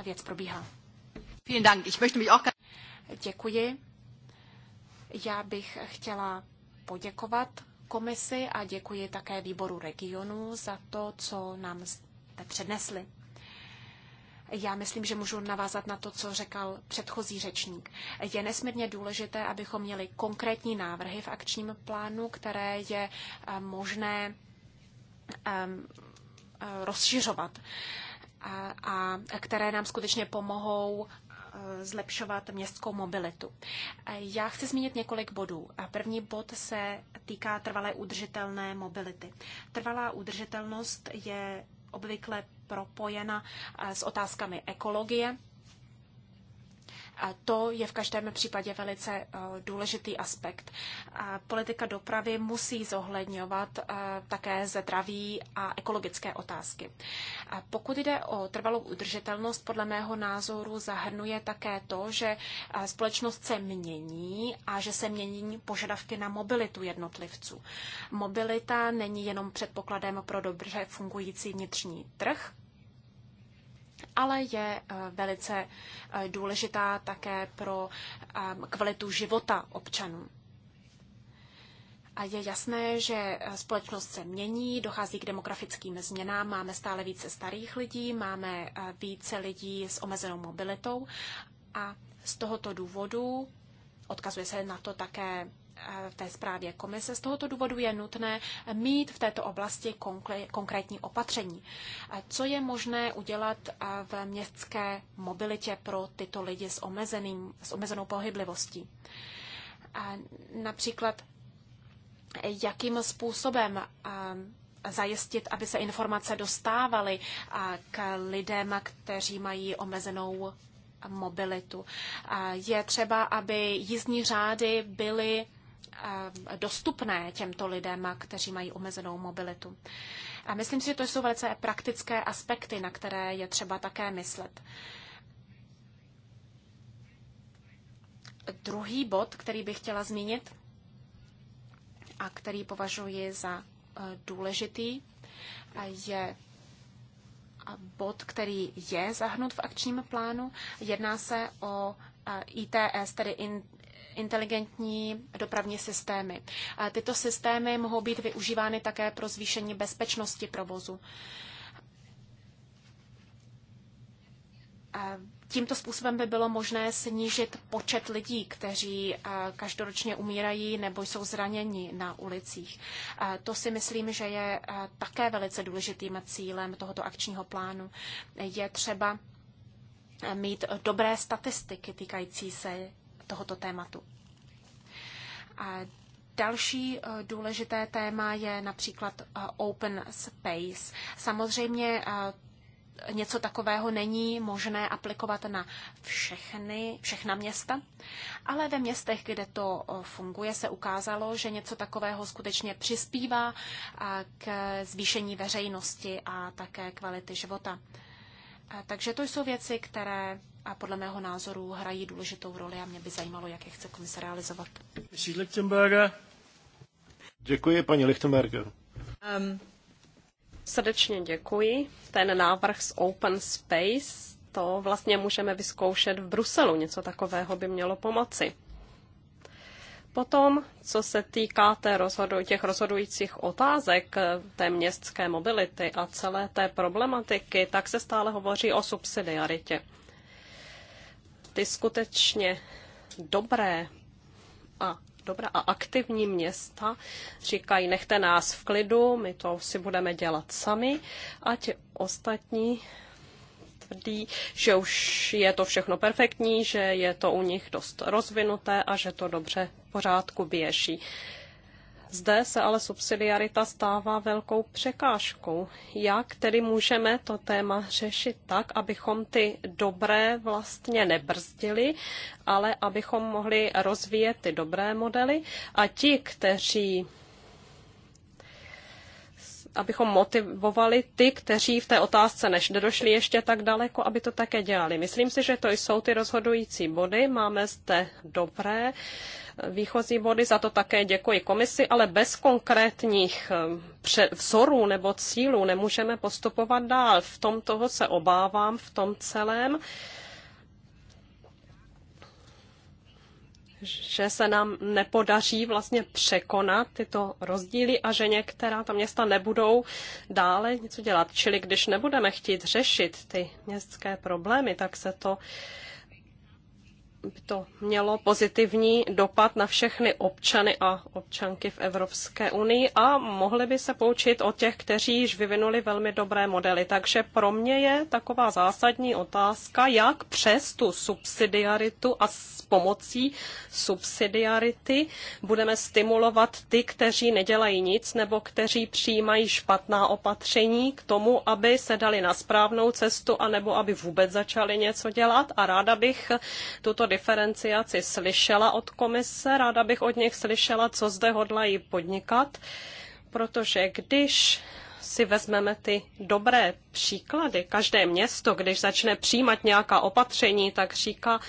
věc probíhá. Děkuji. Já bych chtěla poděkovat komisi a děkuji také výboru regionu za to, co nám jste přednesli. Já myslím, že můžu navázat na to, co řekl předchozí řečník. Je nesmírně důležité, abychom měli konkrétní návrhy v akčním plánu, které je eh, možné ehm, eh, rozšiřovat a které nám skutečně pomohou eh, zlepšovat městskou mobilitu. Já chci zmínit několik bodů. První bod se týká trvalé udržitelné mobility. Trvalá udržitelnost je obvykle propojena eh, s otázkami ekologie. A to je v každém případě velice eh, důležitý aspekt. A politika dopravy musí zohledňovat eh, také zdraví a ekologické otázky. A pokud jde o trvalou udržitelnost, podle mého názoru zahrnuje také to, že eh, společnost se mění a že se mění požadavky na mobilitu jednotlivců. Mobilita není jenom předpokladem pro dobře fungující vnitřní trh, ale je eh, velice eh, důležitá také pro eh, kvalitu života občanů. A je jasné, že společnost se mění, dochází k demografickým změnám, máme stále více starých lidí, máme více lidí s omezenou mobilitou a z tohoto důvodu, odkazuje se na to také Eh, v té zprávě komise. Z tohoto důvodu je nutné mít v této oblasti konkrétní opatření. Co je možné udělat eh, v městské mobilitě pro tyto lidi s, omezeným, s omezenou pohyblivostí? Například, jakým způsobem eh, zajistit, aby se informace dostávaly k lidem, kteří mají omezenou mobilitu. Je třeba, aby jízdní řády byly Eh, dostupné těmto lidem, kteří mají omezenou mobilitu. A myslím si, že to jsou velice praktické aspekty, na které je třeba také myslet. Druhý bod, který bych chtěla zmínit a který považuji za eh, důležitý, eh, je bod, který je zahrnut v akčním plánu. Jedná se o ITS, tedy inteligentní dopravní systémy. Tyto systémy mohou být využívány také pro zvýšení bezpečnosti provozu. Tímto způsobem by bylo možné snížit počet lidí, kteří každoročně umírají nebo jsou zraněni na ulicích. To si myslím, že je také velice důležitým cílem tohoto akčního plánu. Je třeba mít dobré statistiky týkající se tohoto tématu. A Další eh, důležité téma je například eh, open space. Samozřejmě eh, něco takového není možné aplikovat na všechny, všechna města, ale ve městech, kde to funguje, se ukázalo, že něco takového skutečně přispívá k zvýšení veřejnosti a také kvality života. Takže to jsou věci, které a podle mého názoru hrají důležitou roli a mě by zajímalo, jak je chce komise realizovat. Děkuji, paní Lichtenberger. Um, srdečně děkuji. Ten návrh z Open Space, to vlastně můžeme vyzkoušet v Bruselu. Něco takového by mělo pomoci. Potom, co se týká té rozhodu, těch rozhodujících otázek eh, té městské mobility a celé té problematiky, tak se stále hovoří o subsidiaritě. Ty skutečně dobré a dobrá a aktivní města říkají, nechte nás v klidu, my to si budeme dělat sami a ti ostatní tvrdí, že už je to všechno perfektní, že je to u nich dost rozvinuté a že to dobře v pořádku běží. Zde se ale subsidiarita stává velkou překážkou. Jak tedy můžeme to téma řešit tak, abychom ty dobré vlastně nebrzdili, ale abychom mohli rozvíjet ty dobré modely a ti, kteří abychom motivovali ty, kteří v té otázce než nedošli ještě tak daleko, aby to také dělali. Myslím si, že to jsou ty rozhodující body. Máme zde dobré eh, výchozí body, za to také děkuji komisi, ale bez konkrétních eh, vzorů nebo cílů nemůžeme postupovat dál. V tom toho se obávám, v tom celém. že se nám nepodaří vlastně překonat tyto rozdíly a že některá ta města nebudou dále něco dělat. Čili když nebudeme chtít řešit ty městské problémy, tak se to to mělo pozitivní dopad na všechny občany a občanky v Evropské unii a mohli by se poučit o těch, kteří již vyvinuli velmi dobré modely. Takže pro mě je taková zásadní otázka, jak přes tu subsidiaritu a s pomocí subsidiarity budeme stimulovat ty, kteří nedělají nic nebo kteří přijímají špatná opatření k tomu, aby se dali na správnou cestu anebo aby vůbec začali něco dělat. A ráda bych tuto diferenciaci slyšela od komise, ráda bych od nich slyšela, co zde hodlají podnikat, protože když si vezmeme ty dobré příklady, každé město, když začne přijímat nějaká opatření, tak říká,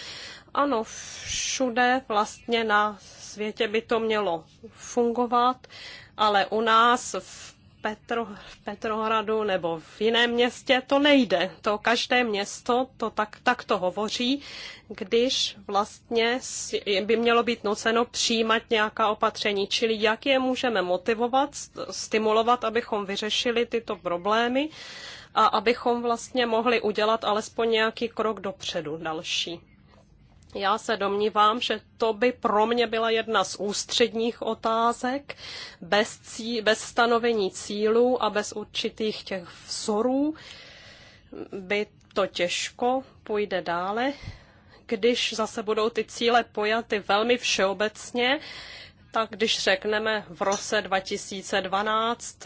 ano, všude vlastně na světě by to mělo fungovat, ale u nás v Petro, Petrohradu nebo v jiném městě, to nejde. To každé město to tak, tak to hovoří, když vlastně by mělo být nuceno přijímat nějaká opatření. Čili jak je můžeme motivovat, stimulovat, abychom vyřešili tyto problémy a abychom vlastně mohli udělat alespoň nějaký krok dopředu další. Já se domnívám, že to by pro mě byla jedna z ústředních otázek bez, cí, bez stanovení cílů a bez určitých těch vzorů by to těžko půjde dále, když zase budou ty cíle pojaty velmi všeobecně, tak když řekneme v roce 2012,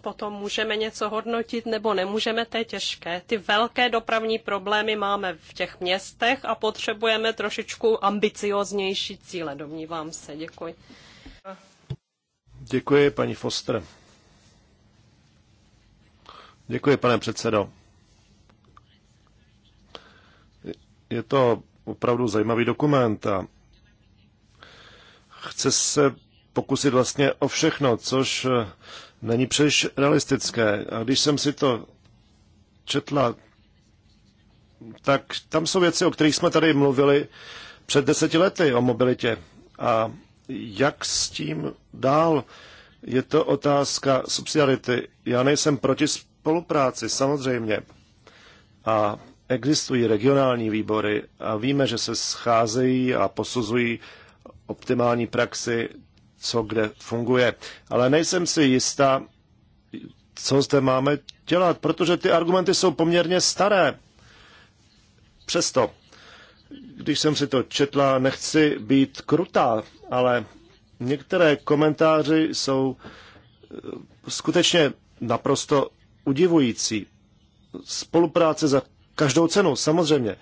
potom můžeme něco hodnotit nebo nemůžeme, to je těžké. Ty velké dopravní problémy máme v těch městech a potřebujeme trošičku ambicioznější cíle, domnívám se. Děkuji. Děkuji, paní Foster. Děkuji, pane předsedo. Je to opravdu zajímavý dokument a chce se pokusit vlastně o všechno, což eh, není příliš realistické. A když jsem si to četla, tak tam jsou věci, o kterých jsme tady mluvili před deseti lety, o mobilitě. A jak s tím dál? Je to otázka subsidiarity. Já nejsem proti spolupráci, samozřejmě. A existují regionální výbory a víme, že se scházejí a posuzují optimální praxi, co kde funguje. Ale nejsem si jistá, co zde máme dělat, protože ty argumenty jsou poměrně staré. Přesto, když jsem si to četla, nechci být krutá, ale některé komentáři jsou eh, skutečně naprosto udivující. Spolupráce za každou cenu, samozřejmě.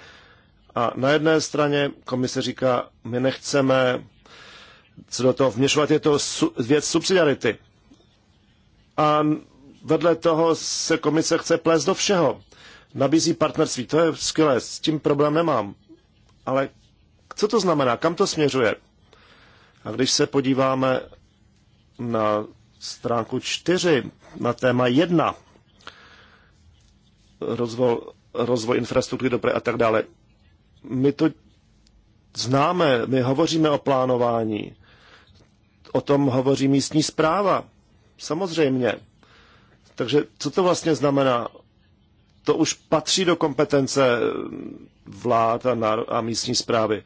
A na jedné straně komise říká, my nechceme se do toho vměšovat, je to věc subsidiarity. A vedle toho se komise chce plést do všeho. Nabízí partnerství, to je skvělé, s tím problém nemám. Ale co to znamená, kam to směřuje? A když se podíváme na stránku 4, na téma 1, rozvoj, rozvoj infrastruktury dopravy a tak dále, my to známe, my hovoříme o plánování, o tom hovoří místní zpráva. Samozřejmě. Takže co to vlastně znamená? To už patří do kompetence vlád a, náro- a místní zprávy.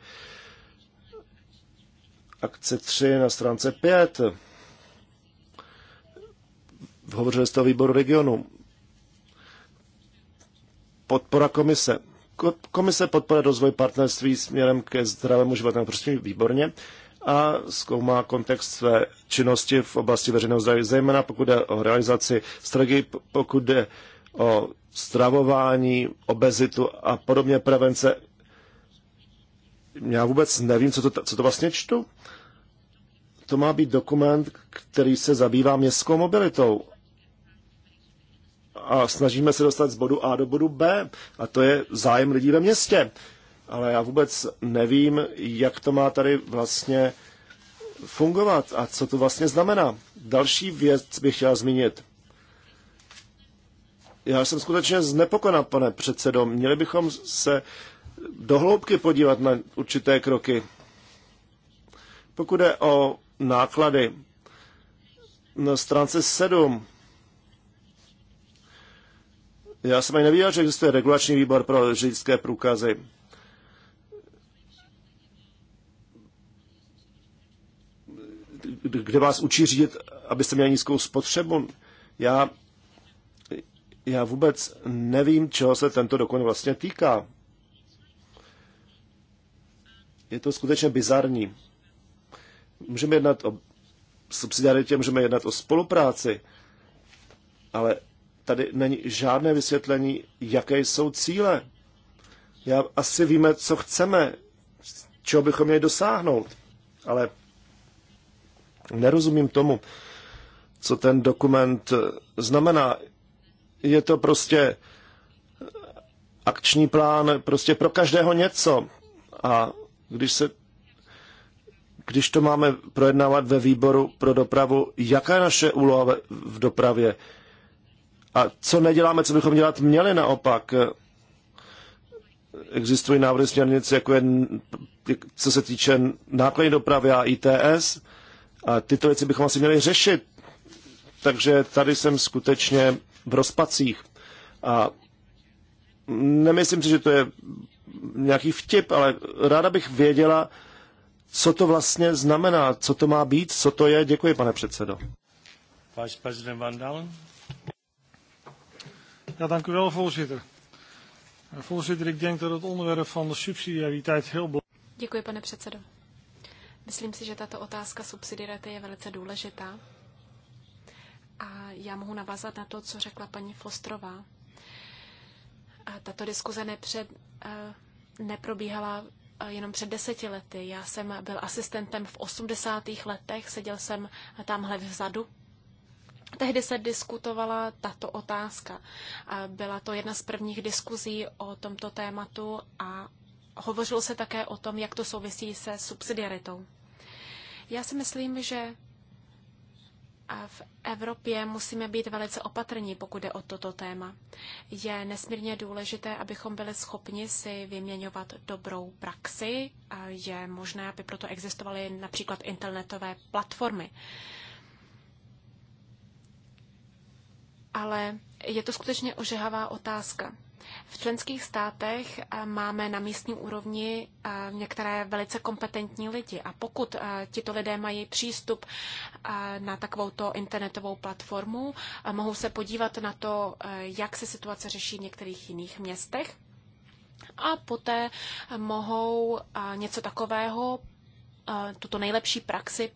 Akce 3 na stránce 5. Hovořili jste o výboru regionu. Podpora komise. Komise podpora rozvoj partnerství směrem ke zdravému životnému prostředí, výborně a zkoumá kontext své činnosti v oblasti veřejného zdraví, zejména pokud jde o realizaci strategii, pokud jde o stravování, obezitu a podobně prevence. Já vůbec nevím, co to, co to vlastně čtu. To má být dokument, který se zabývá městskou mobilitou. A snažíme se dostat z bodu A do bodu B. A to je zájem lidí ve městě ale já vůbec nevím, jak to má tady vlastně fungovat a co to vlastně znamená. Další věc bych chtěl zmínit. Já jsem skutečně znepokojen, pane předsedo. Měli bychom se dohloubky podívat na určité kroky. Pokud je o náklady, na stránce 7 já jsem ani nevěděl, že existuje regulační výbor pro řidičské průkazy. kde vás učí řídit, abyste měli nízkou spotřebu. Já, já vůbec nevím, čeho se tento dokon vlastně týká. Je to skutečně bizarní. Můžeme jednat o subsidiaritě, můžeme jednat o spolupráci, ale tady není žádné vysvětlení, jaké jsou cíle. Já asi víme, co chceme, čeho bychom měli dosáhnout, ale nerozumím tomu, co ten dokument znamená. Je to prostě akční plán, prostě pro každého něco. A když se když to máme projednávat ve výboru pro dopravu, jaká je naše úloha v dopravě? A co neděláme, co bychom dělat měli naopak? Existují návrhy směrnice, jako je, co se týče nákladní dopravy a ITS, a tyto věci bychom asi měli řešit. Takže tady jsem skutečně v rozpacích. A nemyslím si, že to je nějaký vtip, ale ráda bych věděla, co to vlastně znamená, co to má být, co to je. Děkuji, pane předsedo. Vice Van Dalen. Ja, dank u wel, voorzitter. Voorzitter, ik denk dat het onderwerp van de subsidiariteit heel belangrijk is. Děkuji, pane předsedo. Myslím si, že tato otázka subsidiarity je velice důležitá. A já mohu navázat na to, co řekla paní Fostrová. A tato diskuze nepřed, eh, neprobíhala eh, jenom před deseti lety. Já jsem byl asistentem v 80. letech, seděl jsem tamhle vzadu. Tehdy se diskutovala tato otázka. Byla to jedna z prvních diskuzí o tomto tématu a hovořilo se také o tom, jak to souvisí se subsidiaritou. Já si myslím, že a v Evropě musíme být velice opatrní, pokud jde o toto téma. Je nesmírně důležité, abychom byli schopni si vyměňovat dobrou praxi. A je možné, aby proto existovaly například internetové platformy. Ale je to skutečně ožehavá otázka. V členských státech eh, máme na místní úrovni eh, některé velice kompetentní lidi a pokud eh, tito lidé mají přístup na takovouto internetovou platformu, mohou se podívat na to, jak se situace řeší v některých jiných městech a poté mohou něco takového, tuto nejlepší praxi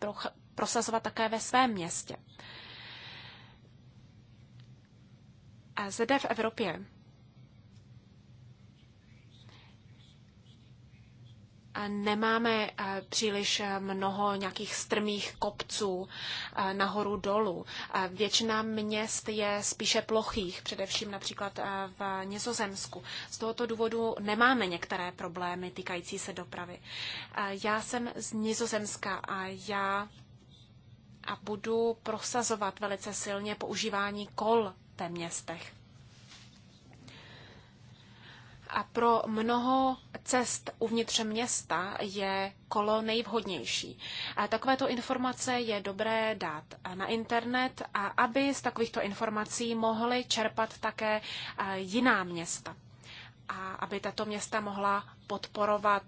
prosazovat také ve svém městě. Zde v Evropě nemáme eh, příliš eh, mnoho nějakých strmých kopců eh, nahoru dolů. Většina měst je spíše plochých, především například v Nizozemsku. Z tohoto důvodu nemáme některé problémy týkající se dopravy. Já jsem z Nizozemska a já a budu prosazovat velice silně používání kol ve městech. A pro mnoho cest uvnitř města je kolo nejvhodnější. A takovéto informace je dobré dát na internet, a aby z takovýchto informací mohly čerpat také e, jiná města. A aby tato města mohla podporovat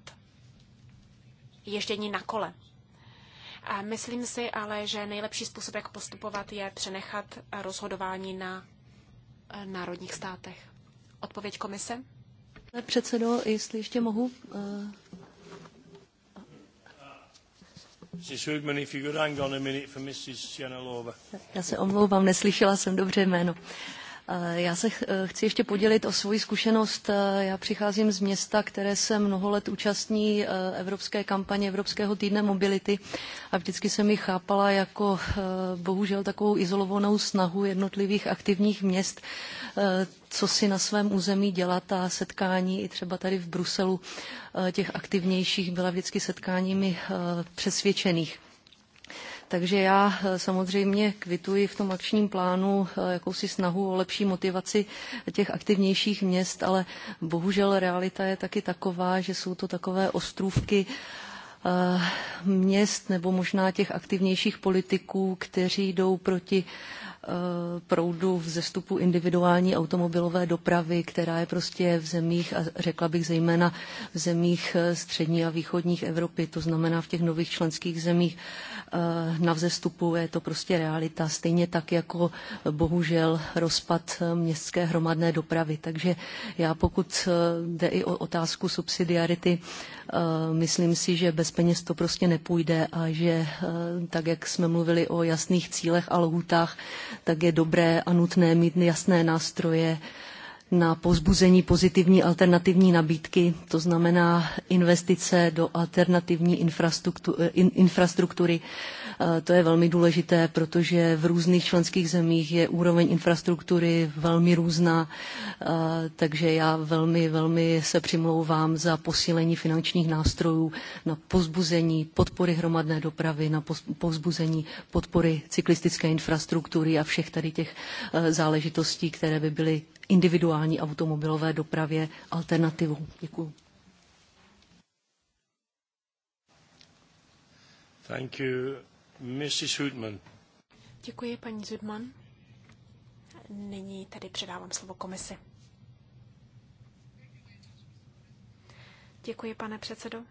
ježdění na kole. A myslím si ale, že nejlepší způsob, jak postupovat, je přenechat rozhodování na e, národních státech. Odpověď komise? Pane předsedo, jestli ještě mohu... Uh... Já se omlouvám, neslyšela jsem dobře jméno. Uh, Eh, já se eh, chci ještě podělit o svoji zkušenost. Eh, já přicházím z města, které se mnoho let účastní evropské kampaně Evropského týdne mobility a vždycky jsem ji chápala jako bohužel takovou izolovanou snahu jednotlivých aktivních měst co si na svém území dělat a setkání i třeba tady v Bruselu těch aktivnějších byla vždycky setkáními přesvědčených. Takže já eh, samozřejmě kvituji v tom akčním plánu eh, jakousi snahu o lepší motivaci těch aktivnějších měst, ale bohužel realita je taky taková, že jsou to takové ostrůvky eh, měst nebo možná těch aktivnějších politiků, kteří jdou proti proudu v zestupu individuální automobilové dopravy, která je prostě v zemích, a řekla bych zejména v zemích střední a východních Evropy, to znamená v těch nových členských zemích, Eh, na vzestupu, je to prostě realita, stejně tak jako bohužel rozpad eh, městské hromadné dopravy. Takže já pokud eh, jde i o otázku subsidiarity, myslím si, že bez peněz to prostě nepůjde a že tak, jak jsme mluvili o jasných cílech a lhůtách, tak je dobré a nutné mít jasné nástroje, na pozbuzení pozitivní alternativní nabídky, to znamená investice do alternativní eh, infrastruktury, eh, To je velmi důležité, protože v různých členských zemích je úroveň infrastruktury velmi různá, eh, takže já velmi, velmi se přimlouvám za posílení finančních nástrojů na pozbuzení podpory hromadné dopravy, na pozbuzení podpory cyklistické infrastruktury a všech tady těch záležitostí, které by byly individuální automobilové dopravě alternativu. Děkuji. Thank you. Mrs. Hoodman. Děkuji, paní Zudman. Nyní tedy předávám slovo komisi. Děkuji, pane předsedo.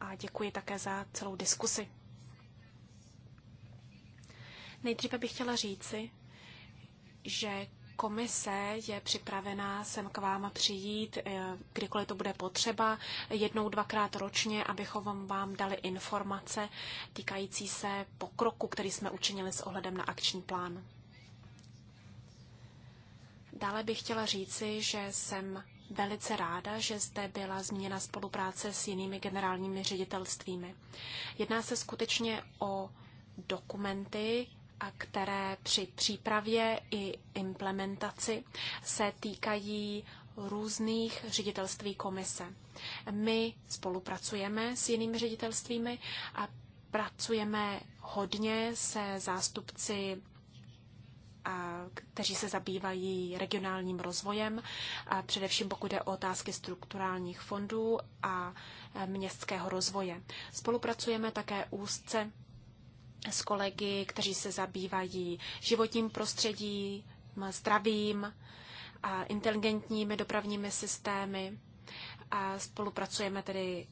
A děkuji také za celou diskusi. Nejdříve bych chtěla říci, že komise je připravená sem k vám přijít, eh, kdykoliv to bude potřeba, jednou, dvakrát ročně, abychom vám dali informace týkající se pokroku, který jsme učinili s ohledem na akční plán. Dále bych chtěla říci, že jsem velice ráda, že zde byla zmíněna spolupráce s jinými generálními ředitelstvími. Jedná se skutečně o dokumenty, a které při přípravě i implementaci se týkají různých ředitelství komise. My spolupracujeme s jinými ředitelstvími a pracujeme hodně se zástupci kteří se zabývají regionálním rozvojem, a především pokud jde o otázky strukturálních fondů a městského rozvoje. Spolupracujeme také úzce s kolegy, kteří se zabývají životním prostředím, zdravím, a inteligentními dopravními systémy. A spolupracujeme tedy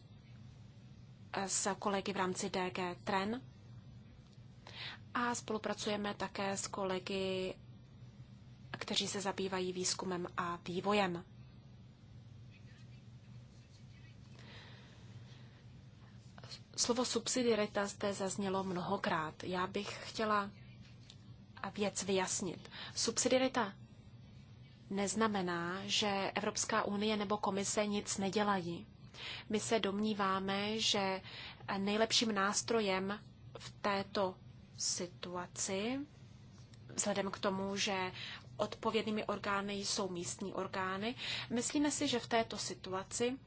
e, s kolegy v rámci DG Tren a spolupracujeme také s kolegy, kteří se zabývají výzkumem a vývojem. Slovo subsidiarita zde zaznělo mnohokrát. Já bych chtěla věc vyjasnit. Subsidiarita neznamená, že Evropská unie nebo komise nic nedělají. My se domníváme, že nejlepším nástrojem v této situaci, vzhledem k tomu, že odpovědnými orgány jsou místní orgány, myslíme si, že v této situaci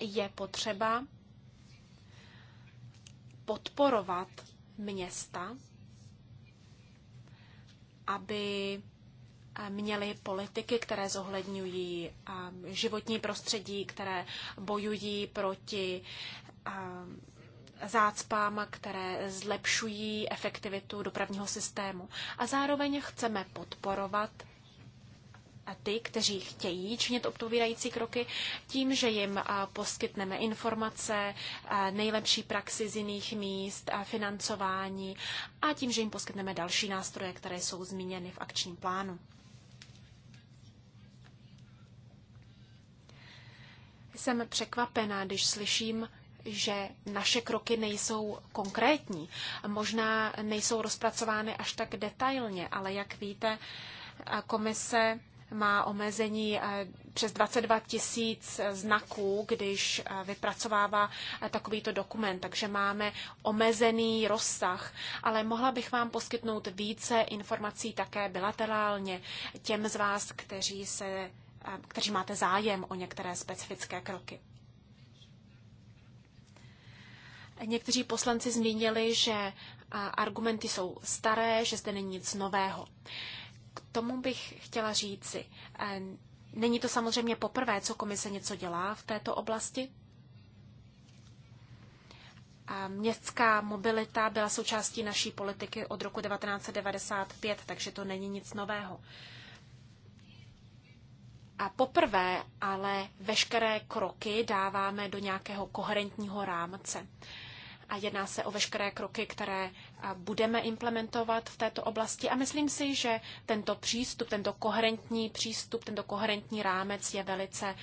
je potřeba podporovat města, aby eh, měli politiky, které zohledňují eh, životní prostředí, které bojují proti eh, zácpám, které zlepšují efektivitu dopravního systému. A zároveň chceme podporovat ty, kteří chtějí činit odpovídající kroky, tím, že jim poskytneme informace, nejlepší praxi z jiných míst, financování a tím, že jim poskytneme další nástroje, které jsou zmíněny v akčním plánu. Jsem překvapená, když slyším, že naše kroky nejsou konkrétní. Možná nejsou rozpracovány až tak detailně, ale jak víte, komise má omezení eh, přes 22 tisíc znaků, když eh, vypracovává eh, takovýto dokument, takže máme omezený rozsah, ale mohla bych vám poskytnout více informací také bilaterálně těm z vás, kteří, se, kteří máte zájem o některé specifické kroky. Někteří poslanci zmínili, že argumenty jsou staré, že zde není nic nového. K tomu bych chtěla říci, eh, není to samozřejmě poprvé, co komise něco dělá v této oblasti. A městská mobilita byla součástí naší politiky od roku 1995, takže to není nic nového. A poprvé ale veškeré kroky dáváme do nějakého koherentního rámce a jedná se o veškeré kroky, které budeme implementovat v této oblasti. A myslím si, že tento přístup, tento koherentní přístup, tento koherentní rámec je velice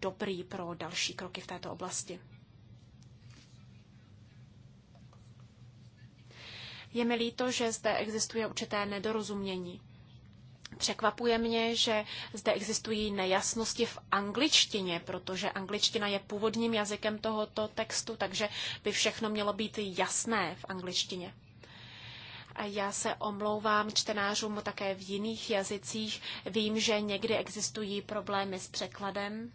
dobrý pro další kroky v této oblasti. Je mi líto, že zde existuje určité nedorozumění. Překvapuje mě, že zde existují nejasnosti v angličtině, protože angličtina je původním jazykem tohoto textu, takže by všechno mělo být jasné v angličtině. A já se omlouvám čtenářům také v jiných jazycích. Vím, že někdy existují problémy s překladem.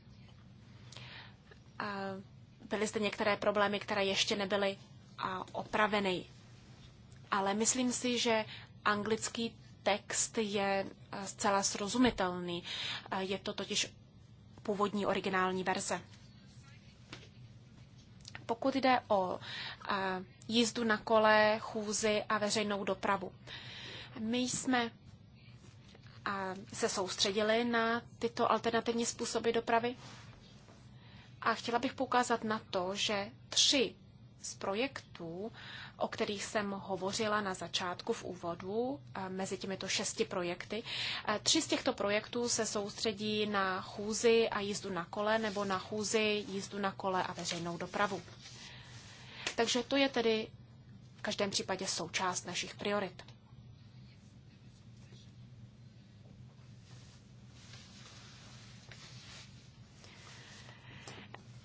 A byly zde některé problémy, které ještě nebyly opraveny. Ale myslím si, že anglický text je eh, zcela srozumitelný. Eh, je to totiž původní originální verze. Pokud jde o eh, jízdu na kole, chůzi a veřejnou dopravu. My jsme se soustředili na tyto alternativní způsoby dopravy a chtěla bych poukázat na to, že tři z projektů o kterých jsem hovořila na začátku v úvodu eh, mezi těmito šesti projekty. Eh, tři z těchto projektů se soustředí na chůzi a jízdu na kole nebo na chůzi, jízdu na kole a veřejnou dopravu. Takže to je tedy v každém případě součást našich priorit.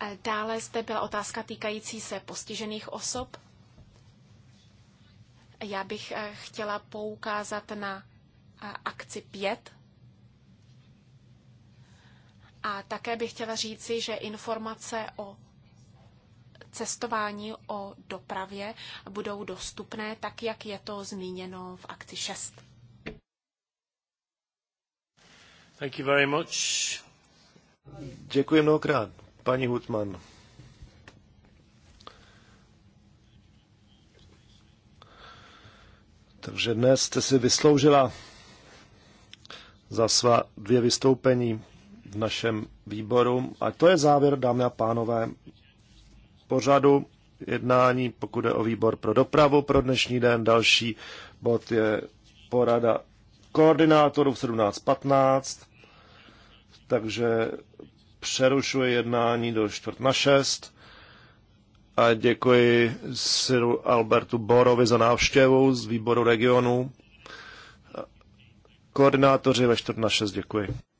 Eh, dále zde byla otázka týkající se postižených osob. Já bych eh, chtěla poukázat na eh, akci 5. A také bych chtěla říci, že informace o cestování, o dopravě budou dostupné, tak jak je to zmíněno v akci 6. Thank you very much. Děkuji mnohokrát, paní Hutman. Takže dnes jste si vysloužila za svá dvě vystoupení v našem výboru. A to je závěr, dámy a pánové, pořadu jednání, pokud je o výbor pro dopravu pro dnešní den. Další bod je porada koordinátorů v 17.15, takže přerušuje jednání do čtvrt na 6 a děkuji Siru Albertu Borovi za návštěvu z výboru regionu. Koordinátoři ve 14.6 děkuji.